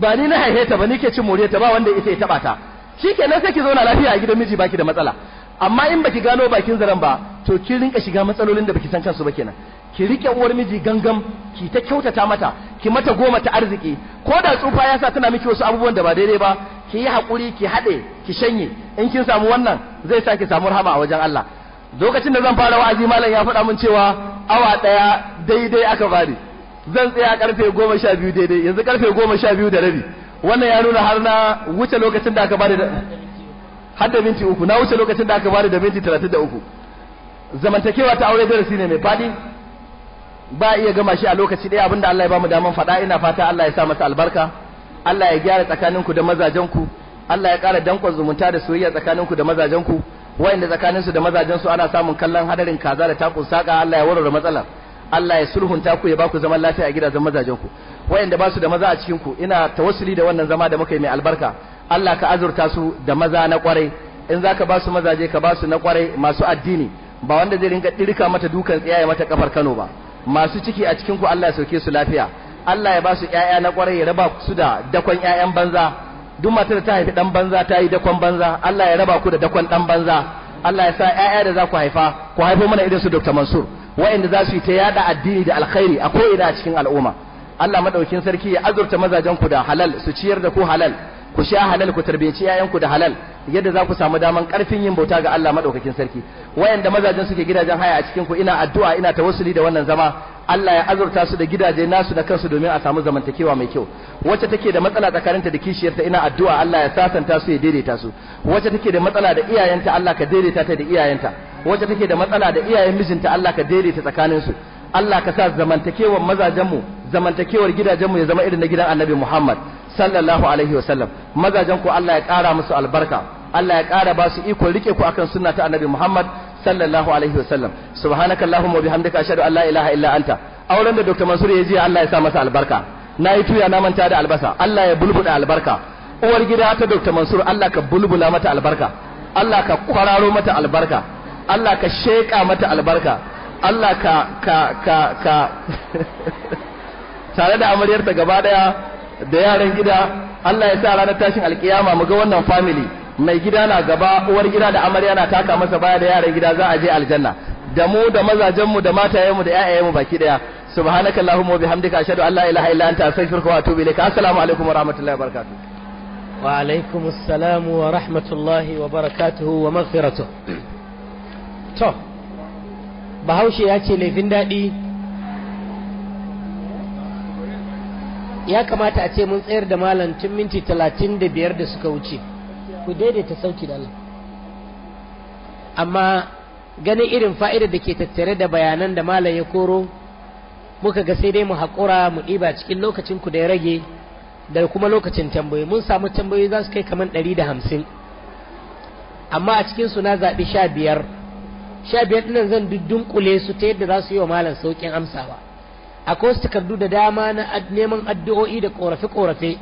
ba ni na haiheta ta ba ni ke cin more ta ba wanda ita ya taba ta shikenan sai ki zauna lafiya a gidan miji baki da matsala amma in baki gano bakin zaren ba to kin rinka shiga matsalolin da baki san kansu ba kenan ki rike uwar miji gangam ki ta kyautata mata ki mata goma ta arziki ko da tsufa ya sa tana miki wasu abubuwan da ba daidai ba ki yi haƙuri ki haɗe ki shanye in kin samu wannan zai sa ki samu rahama a wajen Allah lokacin da zan fara wa'azi malam ya faɗa min cewa awa ɗaya daidai aka bani zan tsaya karfe goma sha biyu daidai yanzu karfe goma sha biyu da rabi wannan ya nuna har na wuce lokacin da aka bani da har da minti uku na wuce lokacin da aka bani da minti talatin da uku zamantakewa ta aure darasi ne mai faɗi ba iya gama shi a lokaci ɗaya abinda Allah ya bamu daman faɗa ina fata Allah ya sa masa albarka Allah ya gyara tsakaninku da mazajenku Allah ya ƙara dankon zumunta da soyayya tsakaninku da mazajenku wa'inda tsakaninsu da mazajensu ana samun kallon hadarin kaza da takun saka Allah ya warware matsalar Allah ya sulhunta ku ya baku zaman lafiya a gidajen mazajenku wa'inda ba su da maza a cikinku ina tawassuli da wannan zama da muka yi mai albarka Allah ka azurta su da maza na kwarai in zaka ba su mazaje ka ba su na kwarai masu addini ba wanda zai rinka dirka mata dukan tsiyaye mata kafar Kano ba masu ciki a cikinku Allah ya sauke su lafiya Allah ya ba su ƴaƴa na ƙwarai ya raba su da dakon ƴaƴan banza duk matar da ta haifi ɗan banza ta yi dakon banza Allah ya raba ku da dakon ɗan banza Allah ya sa ƴaƴa da za ku haifa ku haifo mana irin su Dr. Mansur waɗanda za su yi ta yada addini da alkhairi a ko'ina a cikin al'umma Allah madaukin sarki ya azurta mazajen ku da halal su ciyar da ku halal ku sha halal ku tarbiyyaci yayanku da halal yadda za ku samu daman karfin yin bauta ga Allah madaukakin sarki wayanda mazajen suke gidajen haya a cikin ku ina addu'a ina tawassuli da wannan zama Allah ya azurta su da gidaje nasu da kansu domin a samu zamantakewa mai kyau wacce take da matsala tsakaninta da kishiyarta ina addu'a Allah ya sasanta su ya daidaita su wacce take da matsala da iyayenta Allah ka daidaita ta da iyayenta wacce take da matsala da iyayen mijinta Allah ka daidaita tsakaninsu Allah ka sa zamantakewar mazajenmu zamantakewar gidajenmu ya zama irin na gidan Annabi Muhammad sallallahu alaihi wasallam mazajen ku Allah ya kara musu albarka Allah ya kara ba su iko rike ku akan sunna ta annabi Muhammad sallallahu alaihi wasallam subhanakallahumma wa bihamdika ashhadu an la ilaha illa anta auren da Dr. Mansur ya je Allah ya sa masa albarka nayi tuya na manta da albasa Allah ya bulbuda albarka uwar gida ta Dr. Mansur Allah ka bulbula mata albarka Allah ka kwararo mata albarka Allah ka sheka mata albarka Allah ka ka ka ka [LAUGHS] tare da amaryar ta gaba daya da yaran gida Allah ya sa ranar tashin alkiyama mu ga wannan family mai gida na gaba uwar gida da amarya na taka masa baya da yaran gida za a je aljanna da mu da mazajen mu da matayen mu da ƴaƴayen mu baki daya subhanakallahumma wa bihamdika ashhadu an la ilaha illa anta astaghfiruka wa atubu ilaik assalamu alaikum wa rahmatullahi wa barakatuh wa alaikum assalam wa rahmatullahi wa barakatuh wa maghfiratuh to bahaushe ya ce laifin daɗi ya kamata a ce mun tsayar da malam tun minti talatin da biyar da suka wuce ku daidaita sauki da Allah amma ganin irin fa'ida da ke tattare da bayanan da malam ya koro muka ga sai dai mu haƙura mu ɗiba cikin lokacin ku da ya rage da kuma lokacin tambayoyi mun samu tambayoyi za su kai kamar ɗari da hamsin amma a cikin suna na zaɓi sha biyar sha biyar ɗinan zan dunkule su ta yadda za su yi wa malam sauƙin amsawa akwai wasu takardu da dama na neman addu'o'i da korafe-korafe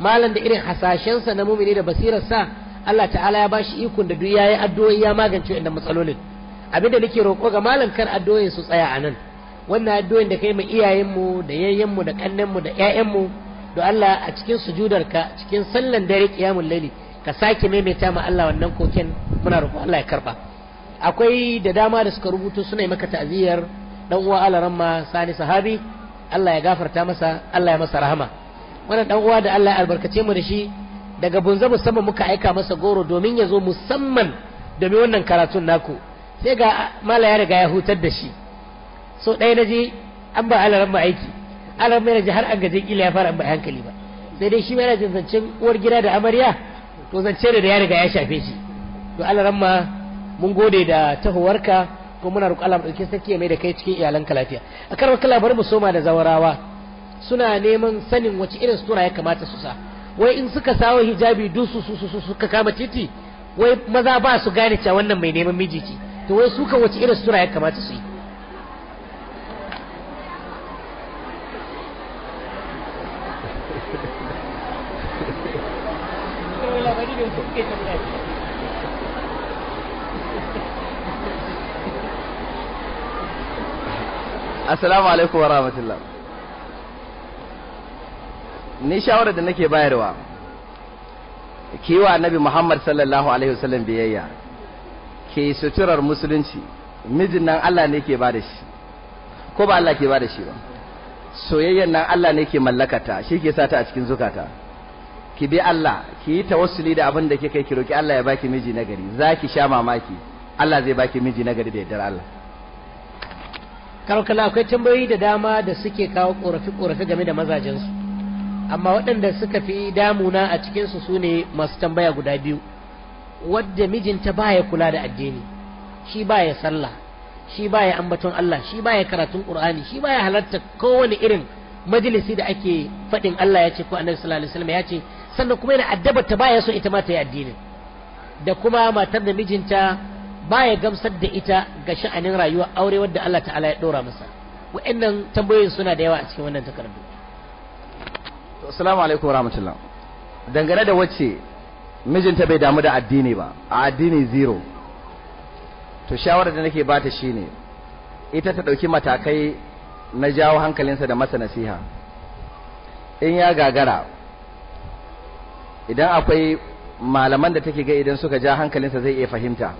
malam da irin hasashensa na mumini da basirar sa Allah ta'ala ya bashi ikon da duk ya yi addu'o'i ya magance inda matsalolin abin da nake roƙo ga malam kar addu'o'in su tsaya a nan wannan addu'o'in da kai mu iyayenmu da mu da mu da mu da Allah a cikin ka cikin sallan dare ƙiyamun laili ka sake maimaita ma Allah wannan koken muna roƙo Allah ya karɓa akwai da dama da suka rubuta suna yi maka ta'ziyar dan uwa alaran ma sani sahabi Allah ya gafarta masa Allah ya masa rahama wannan dan uwa da Allah ya albarkace mu da shi daga bunza musamman muka aika masa goro domin ya zo musamman domin wannan karatun naku sai ga mala ya riga ya hutar da shi so ɗaya na je an ba alaran ma aiki alaran mai har an gaje kila ya fara an ba hankali ba sai dai shi mai yana jin zancen uwar gida da amarya to zance da ya riga ya shafe shi to alaran ma mun gode da tahowarka ko muna roƙon Allah ɗauke sarki ya mai da kai cikin iyalanka lafiya a karɓar kala bari mu soma da zawarawa suna neman sanin wace irin sutura ya kamata su sa wai in suka sawo hijabi dusu su su suka kama titi wai maza ba su gane cewa wannan mai neman miji ce to wai su kan wace irin sutura ya kamata su yi assalamu alaikum wa rahmatullah ni shawara da nake bayarwa kiwa annabi muhammad sallallahu alaihi wasallam biyayya ke suturar musulunci mijin nan Allah ne ke bada shi ko ba Allah ke bada shi ba soyayyan nan Allah ne ke mallakata shi ke sata a cikin zukata ki bi Allah ki yi tawassuli da abin da kika kai ki roki Allah ya baki miji nagari zaki sha mamaki Allah zai baki miji nagari da yaddar Allah karkala akwai tambayoyi da dama da suke kawo korafi-korafi game da mazajensu amma waɗanda suka fi damuna a cikinsu su ne masu tambaya guda biyu wadda mijinta baya kula da addini shi baya sallah shi baya ambaton Allah shi baya karatun Qur'ani shi baya halarta kowane irin majalisi da ake faɗin Allah ya ce ko Annabi sallallahu alaihi wasallam ya ce sannan kuma yana ba baya so ita ma ta yi addini da kuma matar da mijinta baya gamsar da ita ga sha'anin rayuwar aure wadda Allah ta'ala ya dora masa wa'annan tambayoyin suna da yawa a cikin wannan takardu to assalamu alaikum warahmatullah dangane da wacce mijinta bai damu da addini ba a addini zero to shawarar da nake bata shine ita ta dauki matakai na jawo hankalinsa da masa nasiha in ya gagara idan akwai malaman da take ga idan suka ja hankalinsa zai iya fahimta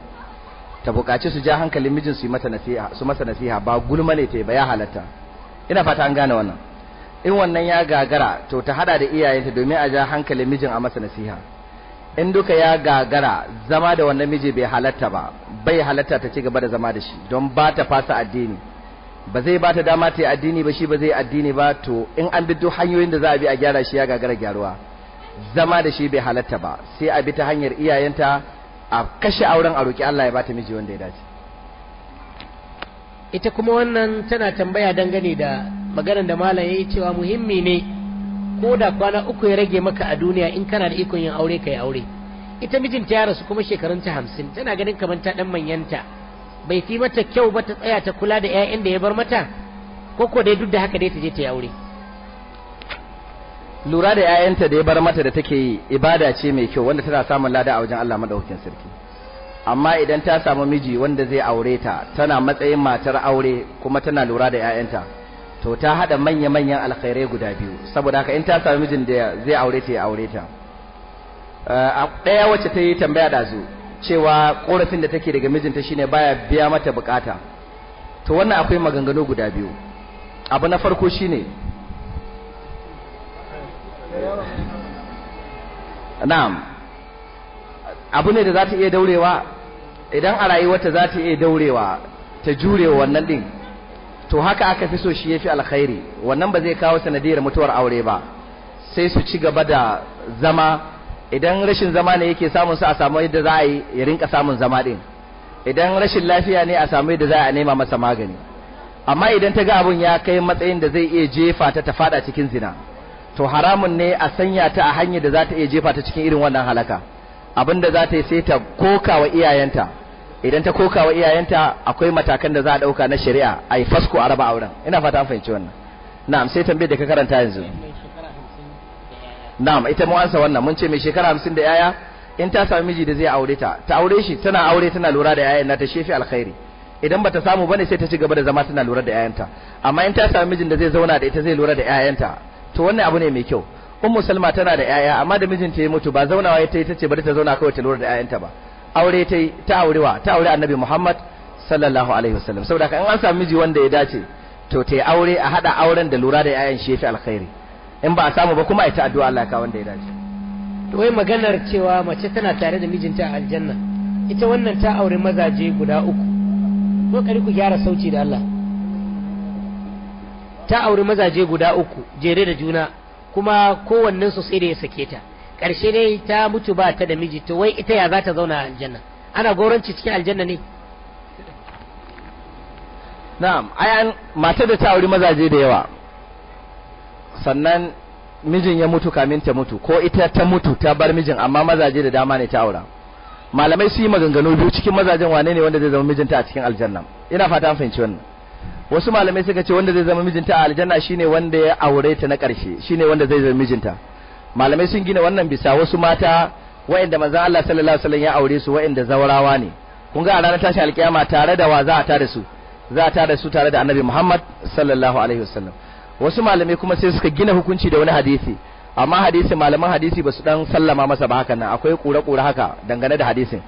ta buƙaci su ja hankalin mijin su mata nasiha su masa nasiha ba gulma ne ta ba ya halatta ina fata an gane wannan in wannan ya gagara to ta hada da iyayenta domin a ja hankalin mijin a masa nasiha in duka ya gagara zama da wannan miji bai halatta ba bai halatta ta ci gaba da zama da shi don ba ta fasa addini ba zai ba ta dama ta yi addini ba shi ba zai addini ba to in an bi duk hanyoyin da za a bi a gyara shi ya gagara gyaruwa zama da shi bai halatta ba sai a bi ta hanyar iyayenta a kashe auren a roƙi Allah ya bata miji wanda ya dace ita kuma wannan tana tambaya dangane da maganar da malam ya yi cewa muhimmi ne ko da kwana uku ya rage maka a duniya in kana da ikon yin aure ka yi aure ita mijinta ya rasu kuma shekarun ta hamsin tana ganin kamar ta dan manyanta bai fi mata kyau ba ta tsaya ta kula da 'ya'yan da ya bar mata ko ko dai duk da haka dai ta je ta yi aure lura da 'ya'yanta da ya bar mata da take yi ibada ce mai kyau wanda tana samun lada a wajen Allah madaukakin sarki amma idan ta samu miji wanda zai aure ta tana matsayin matar aure kuma tana lura da 'ya'yanta to ta hada manya-manyan alkhairai guda biyu saboda haka in ta samu mijin da zai aure ta ya aure ta eh, a ɗaya wacce ta yi tambaya ɗazu cewa ƙorafin da take daga mijinta shine baya biya mata bukata to wannan akwai maganganu guda biyu abu na farko shine na'am abu ne da za ta iya daurewa idan a rayuwarta za ta iya daurewa ta jure wannan din to haka aka fi so shi yafi alkhairi wannan ba zai kawo sanadiyar mutuwar aure ba sai su ci gaba da zama idan rashin zama ne yake samun su a samu yadda za a yi ya rinka samun zama din idan rashin lafiya ne a samu yadda za a nema masa magani amma idan ta ga abun ya kai matsayin da zai iya jefa ta ta fada cikin zina to haramun ne a sanya ta a hanyar da za ta iya jefa ta cikin irin wannan halaka da za ta yi sai ta koka wa iyayenta idan ta koka wa iyayenta akwai matakan da za a ɗauka na shari'a a yi fasko a raba auren ina fata an fahimci wannan na'am sai tambayar da ka karanta yanzu na'am ita mu ansa wannan mun ce mai shekara hamsin da yaya in ta sami miji da zai aure ta ta aure shi tana aure tana lura da yayan na ta shefi alkhairi idan bata samu bane sai ta ci gaba da zama tana lura da yayanta amma in ta sami mijin da zai zauna da ita zai lura da yayanta to wannan abu ne mai kyau ummu salma tana da yaya amma da mijinta ya mutu ba zaunawa ya tayi tace bari ta zauna kawai ta lura da yayanta ba aure tayi ta aurewa ta aure annabi muhammad sallallahu alaihi wasallam saboda kan an samu miji wanda ya dace to tayi aure a hada auren da lura da yayan shi yafi alkhairi in ba a samu ba kuma yi ta addu'a Allah ka wanda ya dace to wai maganar cewa mace tana tare da mijinta a aljanna ita wannan ta aure mazaje guda uku kokari ku gyara sauci da Allah ta auri mazaje guda uku jere da juna kuma kowannen su sai da ya sake ta ƙarshe ne ta mutu ba ta da miji to wai ita ya za ta zauna a aljanna ana goranci cikin aljanna ne na'am ayan mata da ta auri mazaje da yawa sannan mijin ya mutu kamin ta mutu ko ita ta mutu ta bar mijin amma mazaje da dama ne ta aura malamai su yi maganganu biyu cikin mazajen wane ne wanda zai zama mijinta a cikin aljanna ina fata an fahimci wannan wasu malamai suka ce wanda zai zama mijinta a aljanna shine wanda ya aure ta na ƙarshe shine wanda zai zama mijinta malamai sun gina wannan bisa wasu mata waɗanda manzon Allah sallallahu alaihi wasallam ya aure su waɗanda zawarawa ne kun ga a ranar tashi alkiyama tare da wa za a tare su za a tare su tare da annabi Muhammad sallallahu alaihi wasallam wasu malamai kuma sai suka gina hukunci da wani hadisi amma hadisi malaman hadisi basu dan sallama masa ba haka nan akwai kura-kura haka dangane da hadisin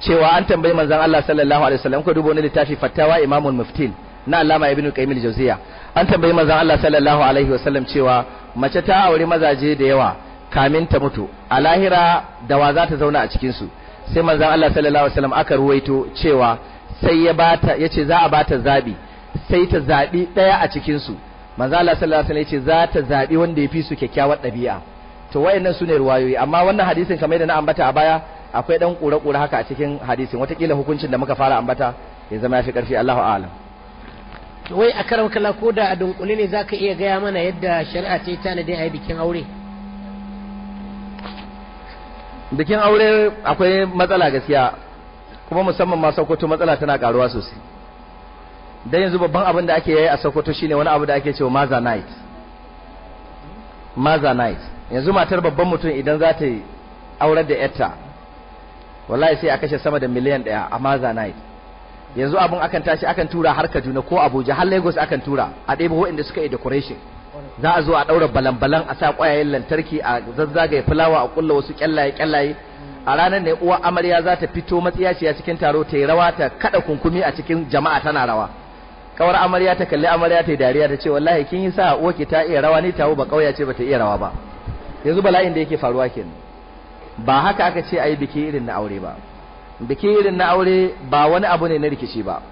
cewa an tambayi manzon Allah sallallahu alaihi wasallam ko dubo wani littafi fatawa imamul muftin na Allama Ibn Qayyim al-Jawziya an tambayi manzon Allah sallallahu alaihi wasallam cewa mace ta aure mazaje da yawa kamin ta mutu a lahira da wa za ta zauna a cikin su sai manzon Allah sallallahu alaihi wasallam aka ruwaito cewa sai ya bata yace za a bata zabi sai ta zabi daya a cikin su manzon Allah sallallahu alaihi wasallam yace za ta zabi wanda yafi su kyakkyawar dabi'a to wayannan sune ruwayoyi amma wannan hadisin kamar da na ambata a baya akwai dan kura-kura haka a cikin hadisin watakila hukuncin da muka fara ambata ya zama ya fi Allahu a'lam wai a karam kala ko da a dunkule ne zaka iya gaya mana yadda shari'a ce tanadi a yi bikin aure bikin aure akwai matsala gaskiya kuma musamman ma sokoto matsala tana karuwa sosai dan yanzu babban abin da ake yayi a sokoto shine wani abu da ake cewa maza night maza night yanzu matar babban mutum idan za ta yi aurar da yarta wallahi sai a kashe sama da miliyan daya a maza night yanzu abin akan tashi akan tura har Kaduna ko Abuja har Lagos akan tura a ɗebo waɗanda suka yi decoration za a zo a ɗaura balan-balan a sa ƙwayayen lantarki a zazzagaye fulawa a ƙulla wasu ƙyallaye-ƙyallaye a ranar ne uwa amarya za ta fito a cikin taro ta yi rawa ta kaɗa kunkumi a cikin jama'a tana rawa kawar amarya ta kalli amarya ta yi dariya ta ce wallahi kin yi sa uwa ki ta iya rawa ni tawo ba ƙauya ce ba ta iya rawa ba yanzu bala'in da yake faruwa kenan ba haka aka ce a yi biki irin na aure ba bikin irin na aure ba wani abu ne na rikici ba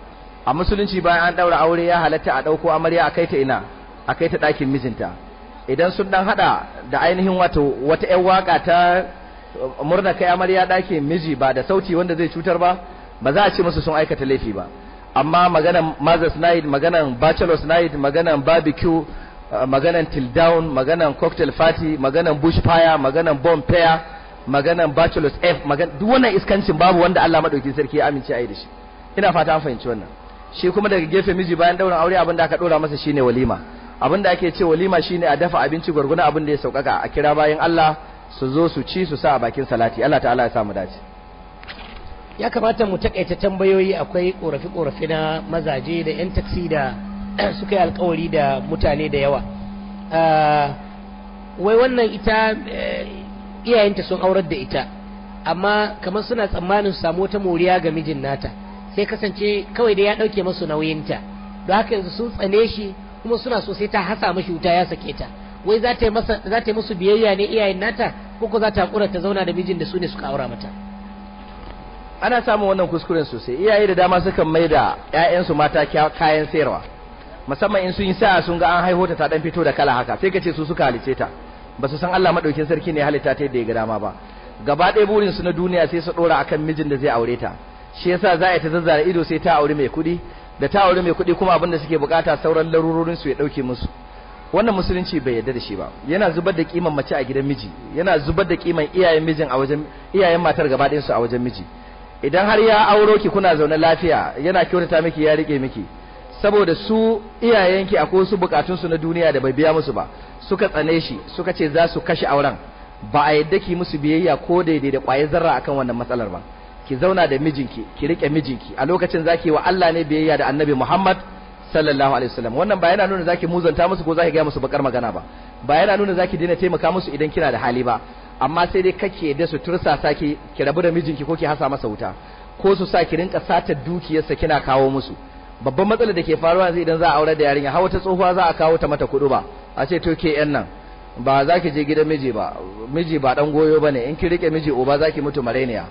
a musulunci bayan an daura aure ya halatta a ɗauko amarya a kai ta ina a kai ta ɗakin mijinta idan sun dan haɗa da ainihin wato wata ƴan waka ta murna kai amarya ɗakin miji ba da sauti wanda zai cutar ba ba za a ce musu sun aikata laifi ba amma maganan mothers night maganan bachelors night maganan barbecue eh, maganan till down maganan cocktail party maganan bush fire maganan bomb pair maganan bachelor's F magan duk wannan iskancin babu wanda Allah madaukin sarki ya amince a yi da shi ina fata an fahimci wannan shi kuma daga gefe miji bayan daurin aure abin da aka dora masa shine walima abin da ake ce walima shine a dafa abinci gurguna abin da ya saukaka a kira bayan Allah su zo su ci su sa a bakin salati Allah ta'ala ya sa mu dace ya kamata mu takaita tambayoyi akwai korafi korafi na mazaje da yan taksi da [CLEARS THROAT] suka yi alkawari da mutane da yawa ah, wai wannan ita eh, iyayenta sun aurar da ita amma kamar suna tsammanin su samu wata moriya ga mijin nata sai kasance kawai da ya ɗauke masu nauyinta don haka yanzu sun tsane shi kuma suna so sai ta hasa mashi wuta ya sake ta wai za ta yi musu biyayya ne iyayen nata ko ko za ta haƙura ta zauna da mijin da su ne suka aura mata ana samun wannan kuskuren sosai iyaye da dama sukan mai da 'ya'yansu mata kayan sayarwa musamman in sun yi sa'a sun ga an haihota ta dan fito da kala haka sai ka ce su suka halice ta ba su san Allah madaukin sarki ne halitta ta yadda ya ga dama ba gaba ɗaya burin su na duniya sai su dora akan mijin da zai aure ta shi yasa za a ta zazzara ido sai ta aure mai kuɗi da ta aure mai kuɗi kuma abin da suke bukata sauran larurorin su ya dauke musu wannan musulunci bai yarda da shi ba yana zubar da kiman mace a gidan miji yana zubar da kiman iyayen mijin a wajen iyayen matar gaba ɗayan su a wajen miji idan har ya auro ki kuna zaune lafiya yana kyautata miki ya rike miki saboda su iyayenki akwai su bukatunsu na duniya da bai biya musu ba suka tsane shi suka ce za su kashe auren ba a yadda ki musu biyayya ko daidai da kwaye zarra akan wannan matsalar ba ki zauna da mijinki ki rike mijinki a lokacin zaki wa Allah ne biyayya da Annabi Muhammad sallallahu alaihi wasallam wannan ba yana nuna zaki muzanta musu ko zaki ga musu bakar magana ba ba yana nuna zaki daina taimaka musu idan kina da hali ba amma sai dai kake da su tursa saki ki rabu da mijinki ko ki hasa masa wuta ko su sa ki rinka sata dukiyarsa kina kawo musu babban matsalar da ke faruwa yanzu idan za a aure da yarinya har ta tsohuwa za a kawo ta mata kudu ba a ce to ke yan nan ba za ki je gidan miji ba miji ba dan goyo ba ne in ki rike miji uba za ki mutu mareniya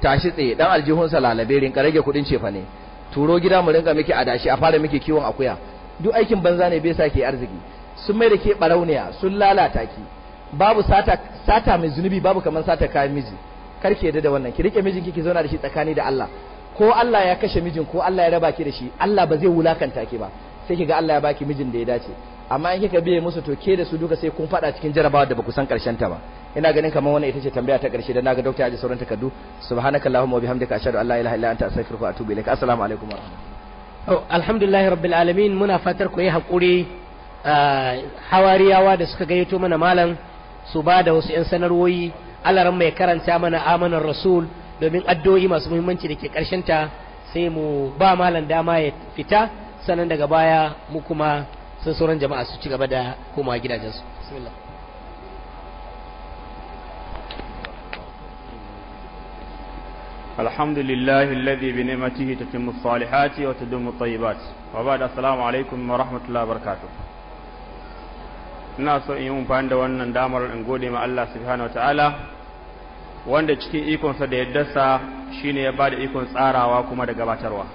tashi tsaye dan aljihun sa lalabe rinka rage kudin cefa ne turo gida mu rinka miki adashi a fara miki kiwon akuya duk aikin banza ne bai sa ke arziki sun mai da ke barauniya sun lalata ki babu sata sata mai zunubi babu kamar sata kayan miji karki yadda da wannan ki rike mijinki ki zauna da shi tsakani da Allah ko Allah ya kashe mijin ko Allah ya raba ki da shi Allah ba zai wulakanta ki ba sai kiga Allah ya baki mijin da ya dace amma in kika biye musu to ke da su duka sai kun fada cikin jarabawa da baku san karshen ta ba ina ganin kamar wannan ita ce tambaya ta karshe da naga doctor Haji sauran takardu allahumma wa bihamdika ashhadu an la ilaha illa anta astaghfiruka wa atubu ilaik assalamu alaikum wa rahmatullahi oh, alhamdulillahi rabbil alamin muna fatar ku yi hakuri ah, hawariyawa da suka gayyato mana malam su ba da wasu 'yan sanarwoyi ran mai karanta mana amanar rasul domin addu'o'i masu muhimmanci da ke ƙarshen ta sai mu ba malam dama ya fita sannan daga baya mu kuma sun sauran jama'a su ci gaba da komawa gidajensu bismillah الحمد لله الذي بنعمته تتم الصالحات وتدم الطيبات وبعد السلام عليكم ورحمة الله وبركاته ina so in yi amfani da wannan damar in gode ma Allah subhanahu wanda cikin ikonsa da yaddarsa shine ya ba da ikon tsarawa kuma da gabatarwa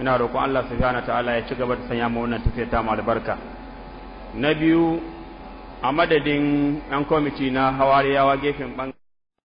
ina roƙon Allah fi ta'ala ya ci gaba da sanya mu wannan tafiya ta albarka na biyu a madadin 'yan kwamiti na hawariyawa gefen ɓangare